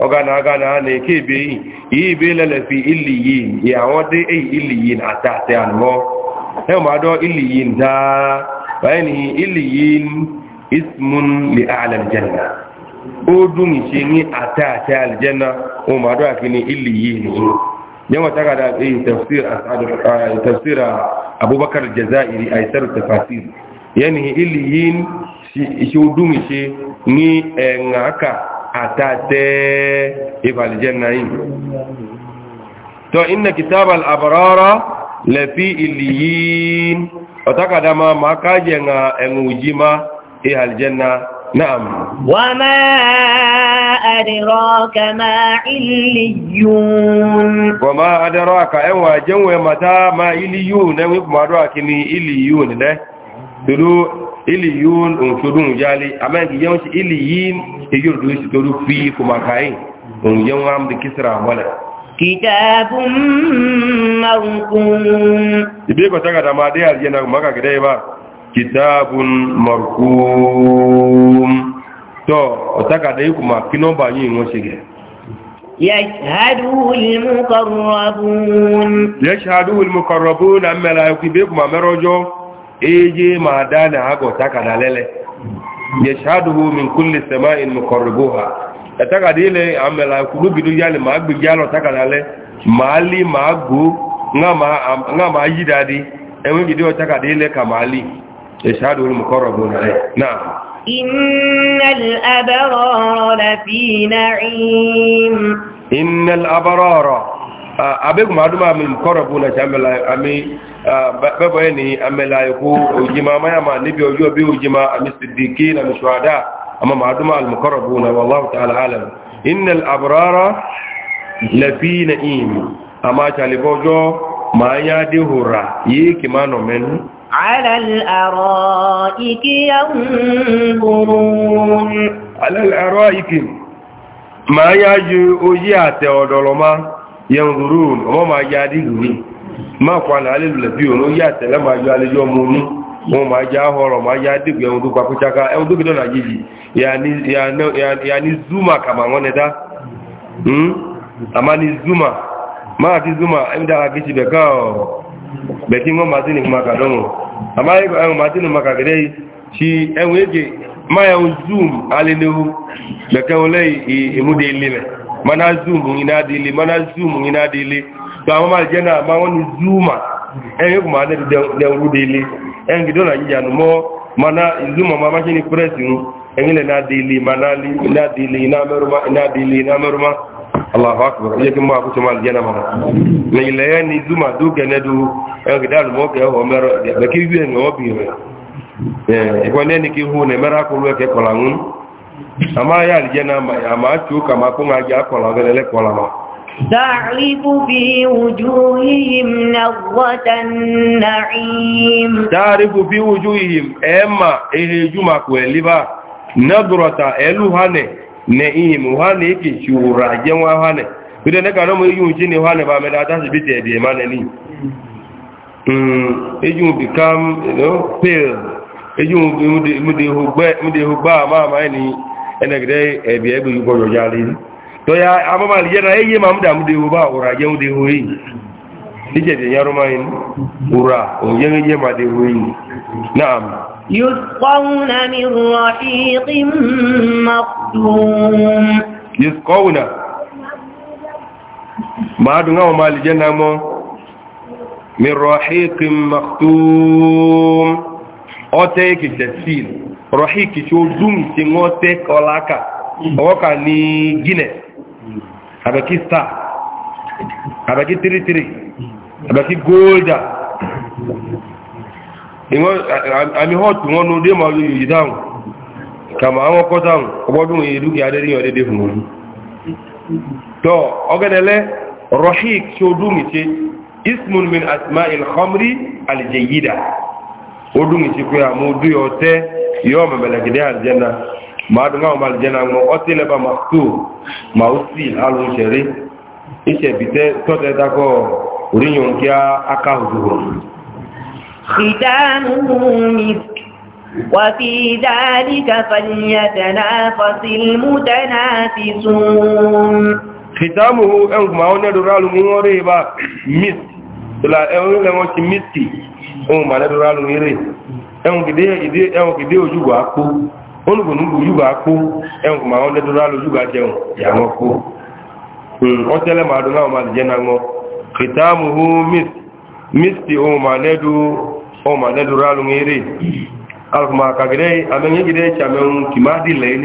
ọgana agana na eke ibe yi iyi ibe lelefi ili yi ya wọn dé eyi ili yi na ata ati anọ ẹwọn ma dọ ili yi ndaa báyìí ni ili yi ismun li aljanna ó dùn ìṣe ní ata ati aljanna wọn ma dọ àfi ni ili yi ni yawan takada eyi tafsira abubakar jazairi aisar tafasir yanihi ili yi ṣe ó dùn ìṣe ní ẹ̀ǹgàkà atatɛ ibaljanna yin to inna kitab al-abrara la fi iliyin otakada ma makaje nga engujima e aljanna na'am wa ma adraka ma illiyun wa ma adraka en mata ma illiyun ne ili yun on chodu mujali ama ki yon si ili yin e yon du si chodu fi kuma kai on yon am de kisra wala kitabun marqum ibe ko taka da made al yana maka gide ba kitabun marqum to otaka da kuma kino ba yin won shige يشهده المقربون يشهده المقربون أما لا يكون بكم أمرجو eje ma dana hago taka na lele yashaduhu min kulli sama'in muqarribuha taka dile amela kulubi do yale ma gbe jalo taka na le mali ma gu ngama ngama yidadi ewe gidi o taka dile kamali yashaduhu muqarrabuna na إن الأبرار لفي نعيم إن الأبرار abegum aduma amin kɔrɔbu na ti amela ami bɛbɔ yɛ ni amela yi ko ojima maya ma nibi ojo bi ojima ami sidiki na mi suada ama ma aduma alim kɔrɔbu na wallahu ta'ala alam innal abrara lafi na im ama calibɔjɔ ma ya de hura yi kima nɔ mɛnu. على الأرائك ينظرون على الأرائك ما يجي أجي أتي أدولما yanzurun ọmọ ma ya dìgbù ní máa kọ́ àná alélùlẹ̀ bí òun ó yà tẹ̀lẹ́ ma yọ alẹ́jọ́ mú ní wọn ma já ọrọ̀ ma ya dìgbù ẹ̀hùn tó pàkúṣáká ẹ̀hùn tó gbẹ̀dọ̀ náà yìí yà ní zuma kàmà wọn àmà ní zuma máa ti zuma ẹ̀mí dára kí ti bẹ̀ká bẹ̀kí wọn ma ti ní kuma kàdọ́ àmà ẹ̀hùn ma ti ní kuma mana zoom ina dili mana zoom ina dili to àwọn ma je na ma wọ́n zooma en yo ma de de ru dili en gido na yija no mo mana zooma ma ma kini press ni en ile na dili mana li ina dili ina meruma ina dili ina meruma Allahu akbar ye kuma ku tuma aljana ma na ile ya ni zooma do gene do en gida mo ke o mero be ki wi obi re eh ko ne ni ne mera ko lo ama ya alijana ma ya ma tu kama kunga ja kola ma ta'rifu bi wujuhihim nadwatan na'im ta'rifu bi wujuhihim emma ehe juma ko eliba nadrata eluhane ne ihim hane ki chura jenwa hane bide ne kana mo yun jini hane ba me da ta si bite bi ma ne ni mm ejun become you know pale mu de mu de mu de ma ma ni enegide ebi egbe yugo yoja lini to ya amama lijana eye mamda ma uba ura ya mde hui nije de nyaruma in ura oje ngeje made hui naam yusqawna min rahiqin ma yusqawna maadu ngawo mi janna mo min rahiqin maqdum ote rahiki tí ó dùn tí wọ́n tẹ́ ọláka ọwọ́ka ní guinea àbẹ̀kí star àbẹ̀kí tírítírí àbẹ̀kí golda àmì hot wọn ní odé màálù yìí dáhùn kàmà àwọn ọkọ̀ dáhùn ọgbọ́dún ìlúkì adéríyàn dédé fún wọn tọ́ ọgẹ́dẹ̀lẹ́ rahik tí ó dùn tí ismun min asma il khamri ó dùn tí pé àmú dúyọ̀ yóò mẹ̀mẹ̀lẹ̀ gidẹ́ àjẹ́nà máa dùn àwọn àjẹ́nà mọ́ ọtí lẹ́bà máa tó máa ó sì alùn ìṣẹ̀rí ìṣẹ̀bí tọ́tẹ́ dákọ̀ oríyàn kí á ká òdòdó وفي ذلك فليتنافس المتنافسون ختامه أنكم أولا درالو موريبا ميت لا أولا موشي ميتي أولا درالو ميري ẹ̀wọ̀n kìdé ojúgbò akó olùgbònúgbò ojúgbò akó ẹ̀wọ̀n kìmọ̀ àwọn ọdẹ́dọ́rọ̀ alójúgbò ajẹun ìyàwó kó wọ́n tẹ́lẹ̀ máa dùn láwọn máa jẹ́ náà wọn kìtàmùhú mísì ohun màlẹ́dùrọ̀ alùn eré alùpùpù àkàgẹ́rẹ́ amẹ́yẹ́gẹ́rẹ́ ìṣàmẹ́hun kìmáàdì lẹ́yìn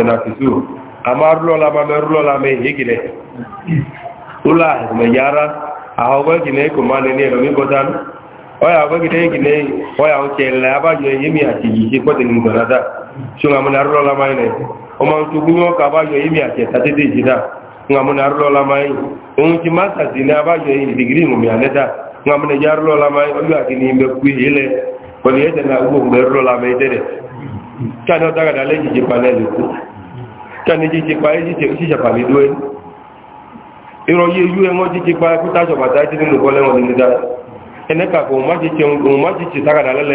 nìyí amarlola mamerlola me higile ula me yara ahogo gine ko mane ni ro mi godan oya ogo gine gine oya o chele aba yo yimi ati yiji ko tin ngorada shunga mun arlola mai ne o ma tu gunyo ka ba yo yimi ati tati de jida nga mun arlola mai un ti masa dina aba yo yimi digiri mu mi aneta nga mun yarlola mai o yo ati ni ku ile ko ni ete na ugo mbe arlola mai dede kana daga dale jiji panele ku kíni jíjí pa é jíjí òṣìṣẹ́ pàmì dúé ìrọ̀yé yú ẹ̀ wọ́n jíjí pa kúta ṣọ̀bàtà ẹ̀ nínú bọ́lẹ̀ wọn nínú dáa ẹnẹ́ka kò má jíjí òun má jíjí sákàdà àti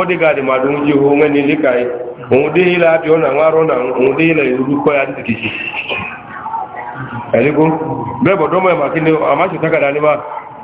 àti jí ẹni níka yìí òun dé ọ̀nà àwọn òun dé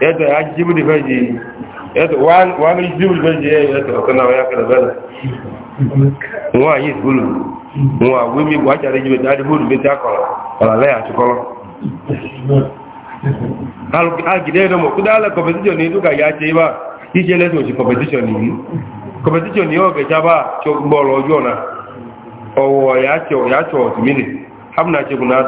yadda ya jibu da faji yadda wani jibu da faji eh, ya yi yadda wata nawa ya kada zana nwa yi gulu nwa wimi bu haka da da adibu da ta kọrọ ọlalẹ ya tukọrọ agide da mọ kuda ala competition ni duka ya ce ba ije lẹsọ si competition ni competition ni yóò ba ọjọ na ọwọ ya ce ọtumi ne na ce kuna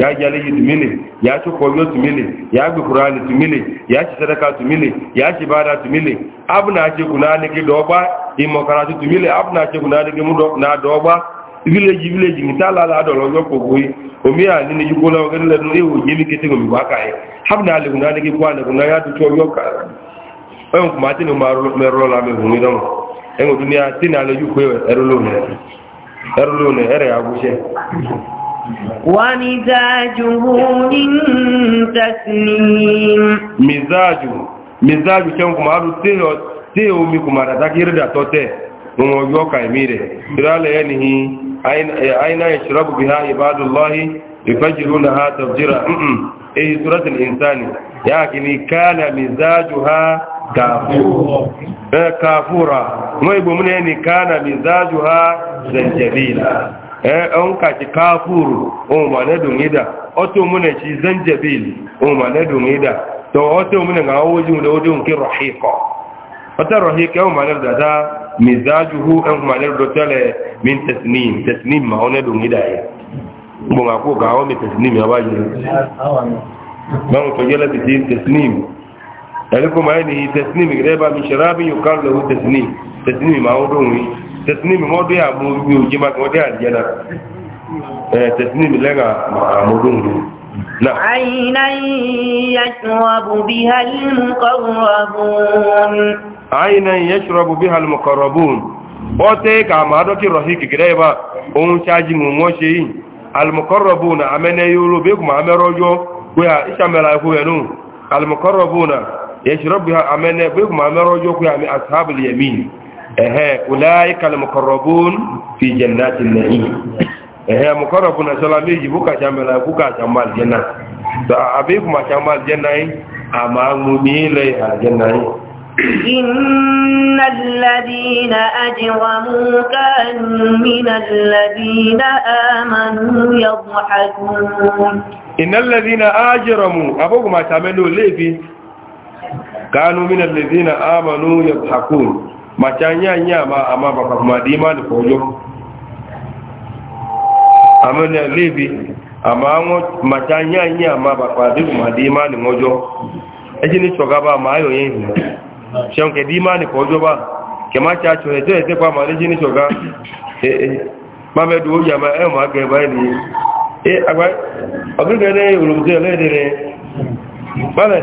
ya jale tumile ya ci koyo tumile ya bi kurani tumile ya ci sadaka tumile ya ci bada tumile abu na ce ne ke dogba tumile abu na ce ne mu na dogba village village ni tala la do lojo ko o mi ani ni yugo la ngene le no e o yemi mi ba kai habna e. le kuna ne ke kwa ne ya tu ka tinu la me o dunia tinale e, ne ne ere ومزاجه من تسنيم مزاجه مزاجه كان كما قالوا تيو تيو مي كما تذكر دا توته ومو يوكا يميره قال ينه اين اين يشرب بها عباد الله يفجرونها تفجيرا اي سوره الانسان يعني كان مزاجها كافورا كافورا ما يبو من يعني كان مزاجها زنجبيلا ẹ̀ẹ́nkàtí e, káàkùrù ohun ma nẹ́dùn ìdá ọtí omúnẹ̀ ti zanjabil ohun ma nẹ́dùn ìdá tó ọtí omúnẹ̀ ga owójú lóòdí òun kí rọ̀híkọ̀ ọtí rọ̀híkọ̀ ohun ma nẹ́dùn dada mizajuhu ohun ma nẹ́dùn tẹ́lẹ̀ ni tesnim gẹ́gẹ́ bá mi ṣe rábí yóò kárùn tẹ̀sínìmì wọ́n dé àmú ibi òjì máa kí wọ́n dé àjẹ́ náà tẹ̀sínìmì lẹ́gà àmúdùn ní. عينا يشرب بها المقربون ya يشرب بها المقربون وتيك عمادك الرحيق كريبا ohun ṣáájú mú wọ́n ṣe yìí alìmọ̀kọ́rọ̀bù na amẹ́nẹ́ yóò bí kùmọ̀ amẹ́rọ́jọ́ pé a ìṣàmẹ́ra ikú ẹ̀nù alìmọ̀kọ́rọ̀bù na yẹ̀ṣìrọ̀bù amẹ́nẹ́ bí ehe ulaika almuqarrabun fi jannati an-na'im ehe muqarrabuna salami yibu ka jamala ku ka jamal janna to abe kuma jamal janna yi ama mumi lai aljanna yi إن الذين أجرموا كانوا من الذين آمنوا يضحكون إن الذين أجرموا أبوكم أتعملوا ليه كانوا من الذين آمنوا يضحكون macha nya nya ama ama baka kuma di imani ko yo amene lebi ama ngo macha nya nya ama baka di kuma di imani ngojo eji ni choga ba ma ayo yin shon ke di imani ko yo ba ke ma cha cho eje eje kwa ma eji ni choga e e ma me du ya ma e ma ke ba ni e agba obi gele ulu de le de le bale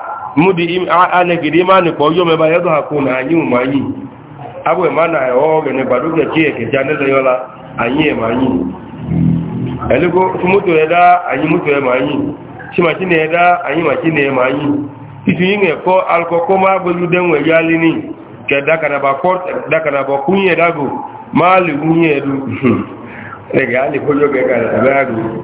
mudi anegide imani kwa uyo meba yedo hakuna anyi umanyi abwe mana yoge ne baduke chie kejanele yola anyi manyi eliko tumutu eda anyi mutu emanyi chimachine eda anyi machine emanyi kitu yinge ko alkoko ma bulu denwe yali ni keda kana ba court da kana ba kunye dago mali kunye du regali koyo ge kana dago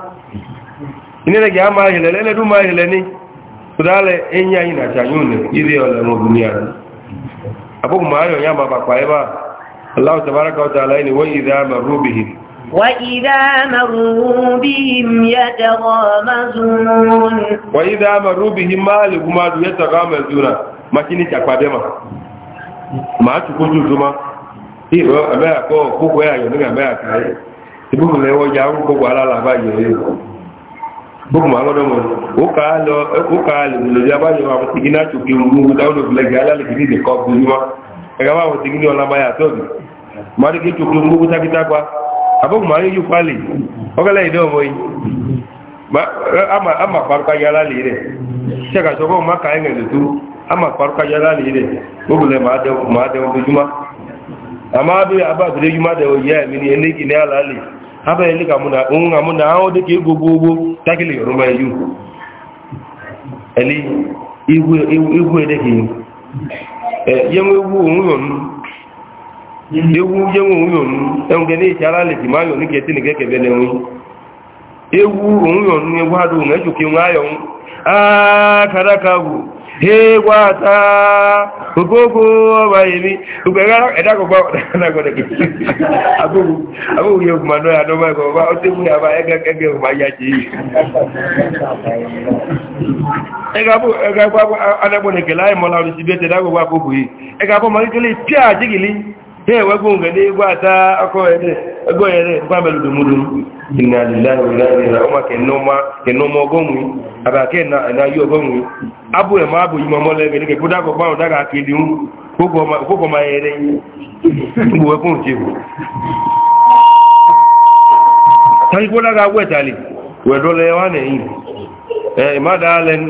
inene ga ma hele lele du ma hele ni kudale enya ina cha nyune ile ole mo dunia abu mayo ya ma bakwa eba allah tabaraka wa taala ni wa idha marubihim wa idha marubihim yataghamazun wa idha marubihim mal kuma du yataghamazuna makini cha kwadema ma tukuju duma ibo abe ko ya yo ni abe ibu lewo ya ko kwa la la ba yo bókù máa lọ́dọ̀ mọ̀ ó a á lọ lòlòdì abáyọ̀ àwọn tí iná tòkè a táwọn olùfilẹ̀gẹ̀ alálẹ̀kì ní ìdíkọ́ gbogbo ma ẹ̀ka báwọn tí ní ọ̀la báyà tọ́ọ̀dù a dókè tòkè a gbogbo sákítá pa àbókù máa yóò falè ọ̀kẹ́lẹ̀ ìdẹ́ ọmọ ama farukaja alálẹ̀ rẹ̀ ṣẹ́ka sọ́kọ́ máa ka ẹ̀ngẹ̀ lòtú ama farukaja alálẹ̀ rẹ̀ gbogbo máa abẹ́yẹ ní ohun àmúnà àwọn muna gbogbogbò tákìlì yorùbá yìí ẹ̀lẹ́ igú ẹ̀dẹ́kì yẹmú ewu òun yọ̀nú ewu yẹmú òun yọ̀nú ẹ̀hùnkẹ́ ní ìṣẹ́ alálẹ̀ tí máa yọ̀ ní kẹtí yọ kẹ́kẹ́ bẹ́lẹ̀ wọn ewu òun yọ̀nú ewu àdó òun ẹ̀ṣùkẹ́ wọn ayọ̀ wọn ákàdákàwò egwata ogogo ọba yìí ugbẹ̀rẹ̀ ẹ̀dàgbọ̀gbọ̀ agbóhùn yóò gbọmọ náà àdọ́gbọ̀ ẹgbọ̀gbọ̀ ó tẹ́kù yàbá ẹgbẹ̀gbẹ̀ ọmọ e enwego onwe n'egwu ada ego yere gwa meludumudu inna lillahi wa inna ilaihi raji'un ma kenno ma ogonwi aba ke na na yo ogonwi abu e ma abu yimo mo lege ni ke kuda ko bawo daga un ma gogo ma yere ti bu ko daga tali we do le wa ne eh, ma da len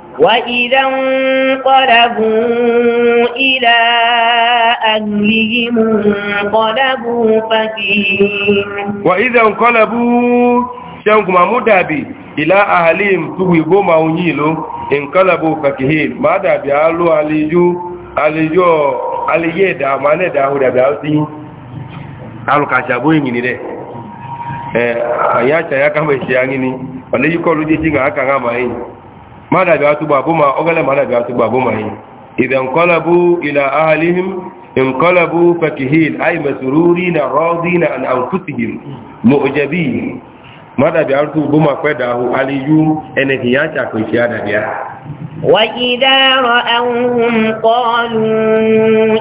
وإذا انقلبوا إلى أهلهم انقلبوا فكين وإذا انقلبوا شانكم مدابي إلى أهلهم تبيبوا ما ونيلوا انقلبوا فكين ما دابي ألو أليجو أليجو أليجي دامانة داهو دابي ألسي ألو كاشابو يميني ده أيها شايا كما يشياني وليجي كولو جيشي نعاكا غاما يميني mana bi atu babu ma ogale mana bi atu babu ma yin idan qalabu ila ahlihim in qalabu fakihin ay masururina radina an anfusihim mu'jabin mana bi atu babu ma kweda hu aliyu ene hiya ta ko shi ada biya wa idha ra'awhum qalu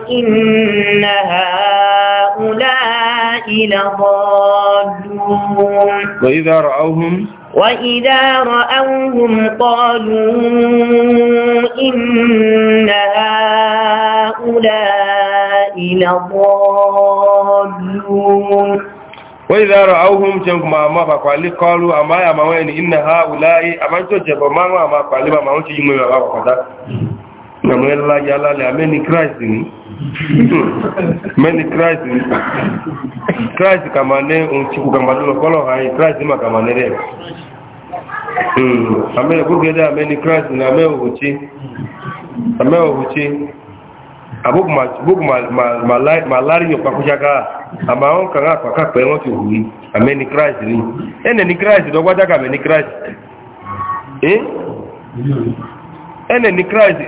inna ha'ula لضالون وإذا رأوهم وإذا رأوهم قالوا إن هؤلاء لضالون وإذا رأوهم جمع ما بقالي قالوا أما أما وين إن هؤلاء أما جمع ما ما بقالي ما ما وين جمع بقالي ما ما وين لا يلا mẹ́ni christ christ kàmà ní ohun tí kò kàmà lọ́lọ́ kọ́lọ̀ àyè christ mà kàmà ní rẹ̀ àmẹ́rẹ̀ gúgẹ́dẹ́ àmẹ́ni christ ní àmẹ́ òhùtí àbúkù mà láríyàn pàkúṣáká àmà àwọn kàrà àpàkà pẹ̀ wọ́n ti hùrí àmẹ́ni christ ní ẹnẹ̀ ni christ lọ́gbájáka àmẹ́ni christ ẹnẹ̀ ni christ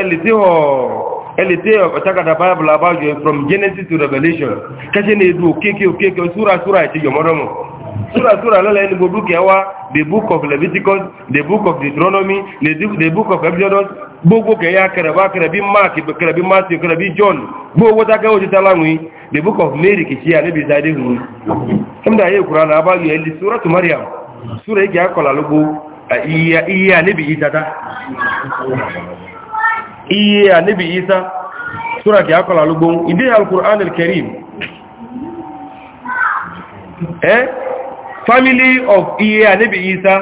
ẹlẹ̀ tí ọ̀ọ̀ ẹlẹ́tẹ́ ọ̀tàkàdà bible about you from genesis to revelation kẹ́sẹ́ ní edu òkèké òkèké súra súra ẹ̀tí yọmọdọ́mọ súra súra lọ́la ẹni gbogbo kẹwa the book of leviticus the book of deuteronomy the book of exodus gbogbo kẹya kẹrẹba kẹrẹbi mark kẹrẹbi matthew kẹrẹbi john gbogbo tákẹ́ òjì tálàwìn the book of mary kìí àníbi ìsáde hùn ẹmdà ayé ìkura náà bá yọ ẹlẹ́ súra to mariam súra ìkẹ́ e akọ̀lá lógbó iye àníbi ìsáda iye anabi isa sura ki akola lugbon ide alquran alkarim eh family of iye anabi isa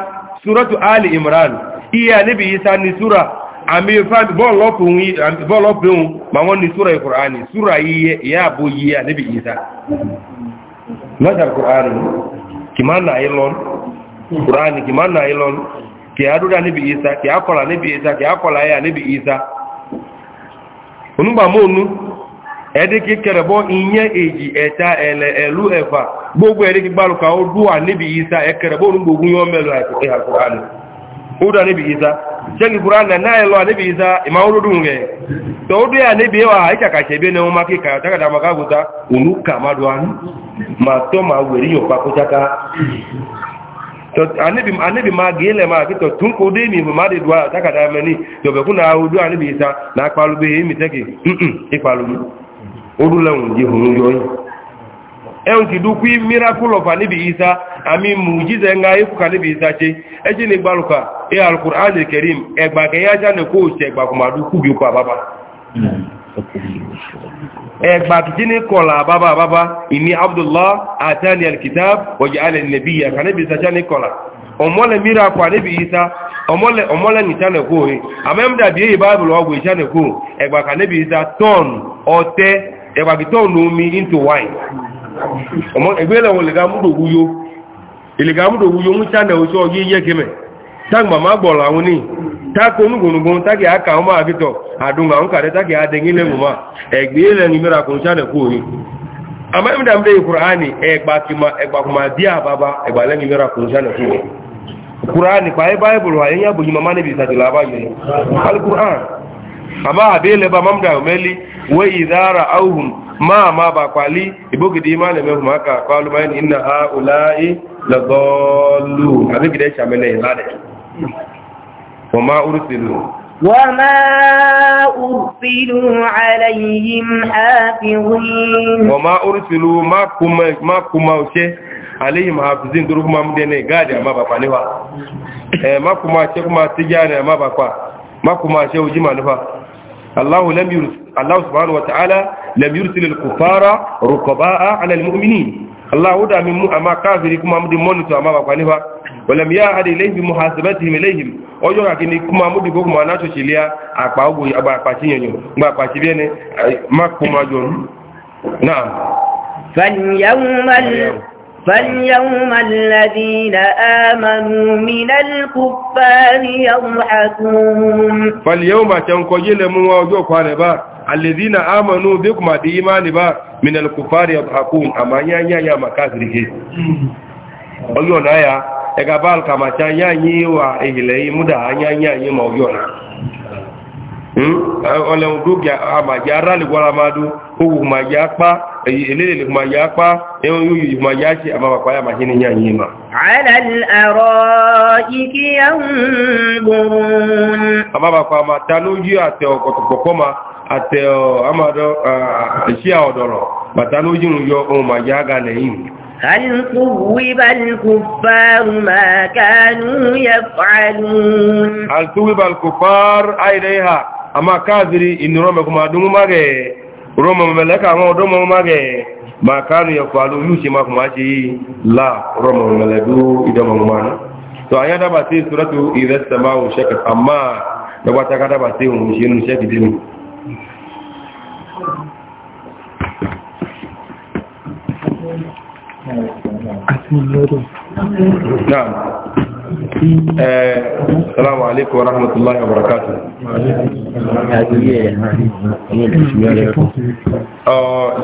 suratu ali imran iye anabi isa ni sura ami fami bon lopun bon lopun ma won ni sura alquran sura iye ya bo iye anabi isa mata alquran kimana aylon qurani kimana aylon ki aduda nabi isa ki akola nabi isa ki akola ya nabi isa onugba monu ediki kerebo inye eji eta ele elu efa gbogbo ediki gbaru ka o duwa nibi isa ekerebo onugbo ogun uda e nibi isa jengi quran na na elo nibi isa ima olodu nge ya nibi wa e aika ka sebe ne o guta unuka madwan ma to ma anibi ma ga ile ma kito tun ko de mi ma de duwa ta kada meni to be kuna odu anibi isa na palu be mi teki mm o mi odu lawun ji hun yo yi en ti du kwi miracle of anibi isa ami mujize nga ifu kanibi isa che e ji ni gbaluka e alquran alkarim e gba ke ya ja ne ko se e gba kuma du ku bi ko baba hmm. ẹgbà kìkíní kọlà bàbá bàbá ìní abdullah àtàlì alkitab wọ̀jẹ̀ alẹ́ nẹ̀bí yà kànẹ́bí sàṣà ní kọlà ọmọlẹ̀ mìíràn kọ ànẹ́bí isa ọmọlẹ̀ nìṣànẹ̀kó rẹ̀ àmẹ́mdàbí èyí báàbùlù ọgbọ̀ ìṣànẹ̀kó ẹgbà kànẹ́bí isa tọ́n ọtẹ́ ẹgbà omi into wine tako onugonugo taki aka ọmọ àfitọ̀ àdúnmà ń kàrẹ taki adẹ́gílẹ̀ mọ́má ẹgbẹ́ ilẹ̀ ni mẹ́ra kò ń sálẹ̀ kó yìí àmọ́ ìmìdá ń bẹ́ ìkùránì ẹgbàkùnmà bí àbábá ẹgbàlẹ́ ni mẹ́ra kò ń sálẹ̀ kó yìí kùránì pàáyé báyìbùrù àyẹ́yà bòyí mamá níbi ìsàtìlá abáyọ̀ alkùránì àmọ́ àbẹ́lẹ̀ bá mamdà mẹ́lí wẹ́ ìdára áhùn máa máa bà pàlí ìgbókèdè máa lẹ̀mẹ́ fún maka pàálù máa ní ìnà àúláì lọ́gọ́ọ̀lù àbíkìdẹ́ ìṣàmẹ́lẹ̀ ìlàdẹ̀ وما أرسلوا وما أرسلوا عليهم حافظين وما أرسلوا ما كما ما كما شيء عليهم حافظين دروك ما مدين غادي ما بابا نوا ما كما شيء كما تجاني ما بابا ما كما شيء وجي ما نوا الله لم يرسل الله سبحانه وتعالى لم يرسل الكفار رقباء على المؤمنين الله هدى من أما كافر كما مدي مونتو أما بقانيفا ولم يعهد إليه بمحاسبتهم إليهم أجوا كني كما مدي كما ناتو شليا أكباو أبا أكباتين ينو ما أكباتين ما كما جون نعم فاليوم ال... فاليوم الذين آمنوا من الكفار يضحكون فاليوم تنكو يلموا وجوكوا نبات alladhina amanu bikum adi imani ba min al-kufari yadhakun amanya nyanya makafiri oyo na ya ega bal kama cha nyanyi wa ihile muda nyanya nyi ma oyo na hmm eh, ole udugya ama jara li wala madu hugu majapa elele li majapa eyo eh, yuyu majachi ama bakwaya mahini nyanyi ma ala al-araiki yanzurun ama bakwa matanu àtẹ àmàdọ́ àṣí àọ̀dọ̀rọ̀ bàtà ló jíun yọ ohun màjá aga lẹ́yìn altuwibal kufar aireha a ma káàziri inirọ́mẹ̀kú ma dúnmú má gẹ̀ rọmọ mẹ́lẹ́ka àwọn ọdọ́mọ má gẹ̀ ma káàrù yẹ fàálù lúṣe ma kùnmá ṣe láà rọmọ mẹ́lẹ́dú ìdọ́mọ̀ mọ́nà to a yádá bà tí ìsúrẹ́tù ìrẹsẹ̀máwò ṣẹ́kẹ̀ àmà ẹgbàtàkádá bà tí òun ṣe nù ṣẹ́kì dínú نعم السلام عليكم ورحمة الله وبركاته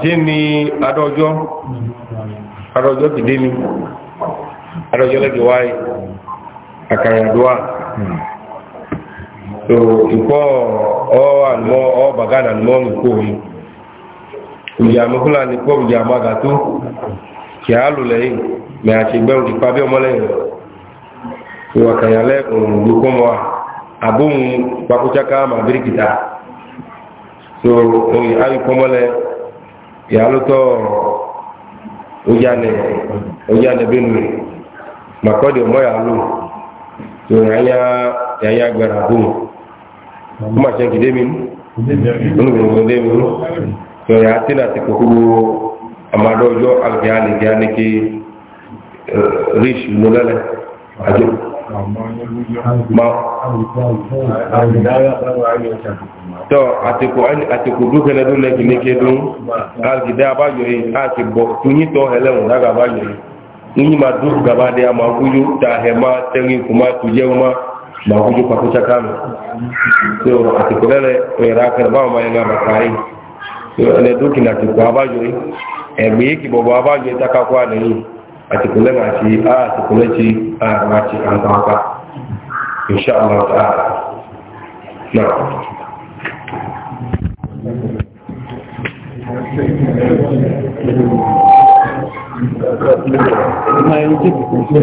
جيني أدوجو أدوجو تديني أدوجو لك واي أكاين دوا so ikọ́ ọwọ́ àlùmọ́ ọbàgánà àlùmọ́ nìkó òun ìyàmọ́kúlà nìkó ìyàmọ́gà tó kì á lò lẹ́yìn mẹ àti gbẹ́hùn ìpa bí ọmọ lẹ́yìn ìwà kàyàlẹ́ òun ló kọ́ mọ́ àbóhun mà tó bínú màkọ́dì ọmọ yà lò tó yàyà gbẹ̀rẹ̀ àbóhun mà ṣe kìdé mi nínú dé mi tó yà á amma do jo alqiyani gani ki rish mulale ajo ma to atiku an atiku du kana du leki ne ke du alqida ba yo yi a ti bo tunyi to hele un daga ba yo yi ma du gaba de ma guju ta hema tengi kuma tuje ma ma guju pa ko chakano so atiku lele o ira ka ba ma yanga makai so ne du kina ti ba ba yo yi ẹ̀gbẹ́ yìí kì bọ̀bọ̀ abájọ ìtakakọ́ àdéhùn àtìkúlẹ̀ àti àtìkúlẹ̀ ti àrùn àti àǹtàǹkà inṣàlá ta'ala náà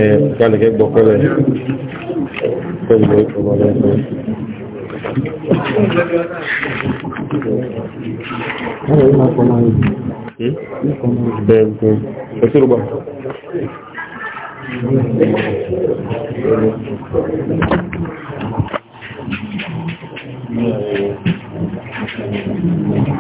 Eh, quale che bocca lei? Quello è il Thank you. Terceiro banco. Thank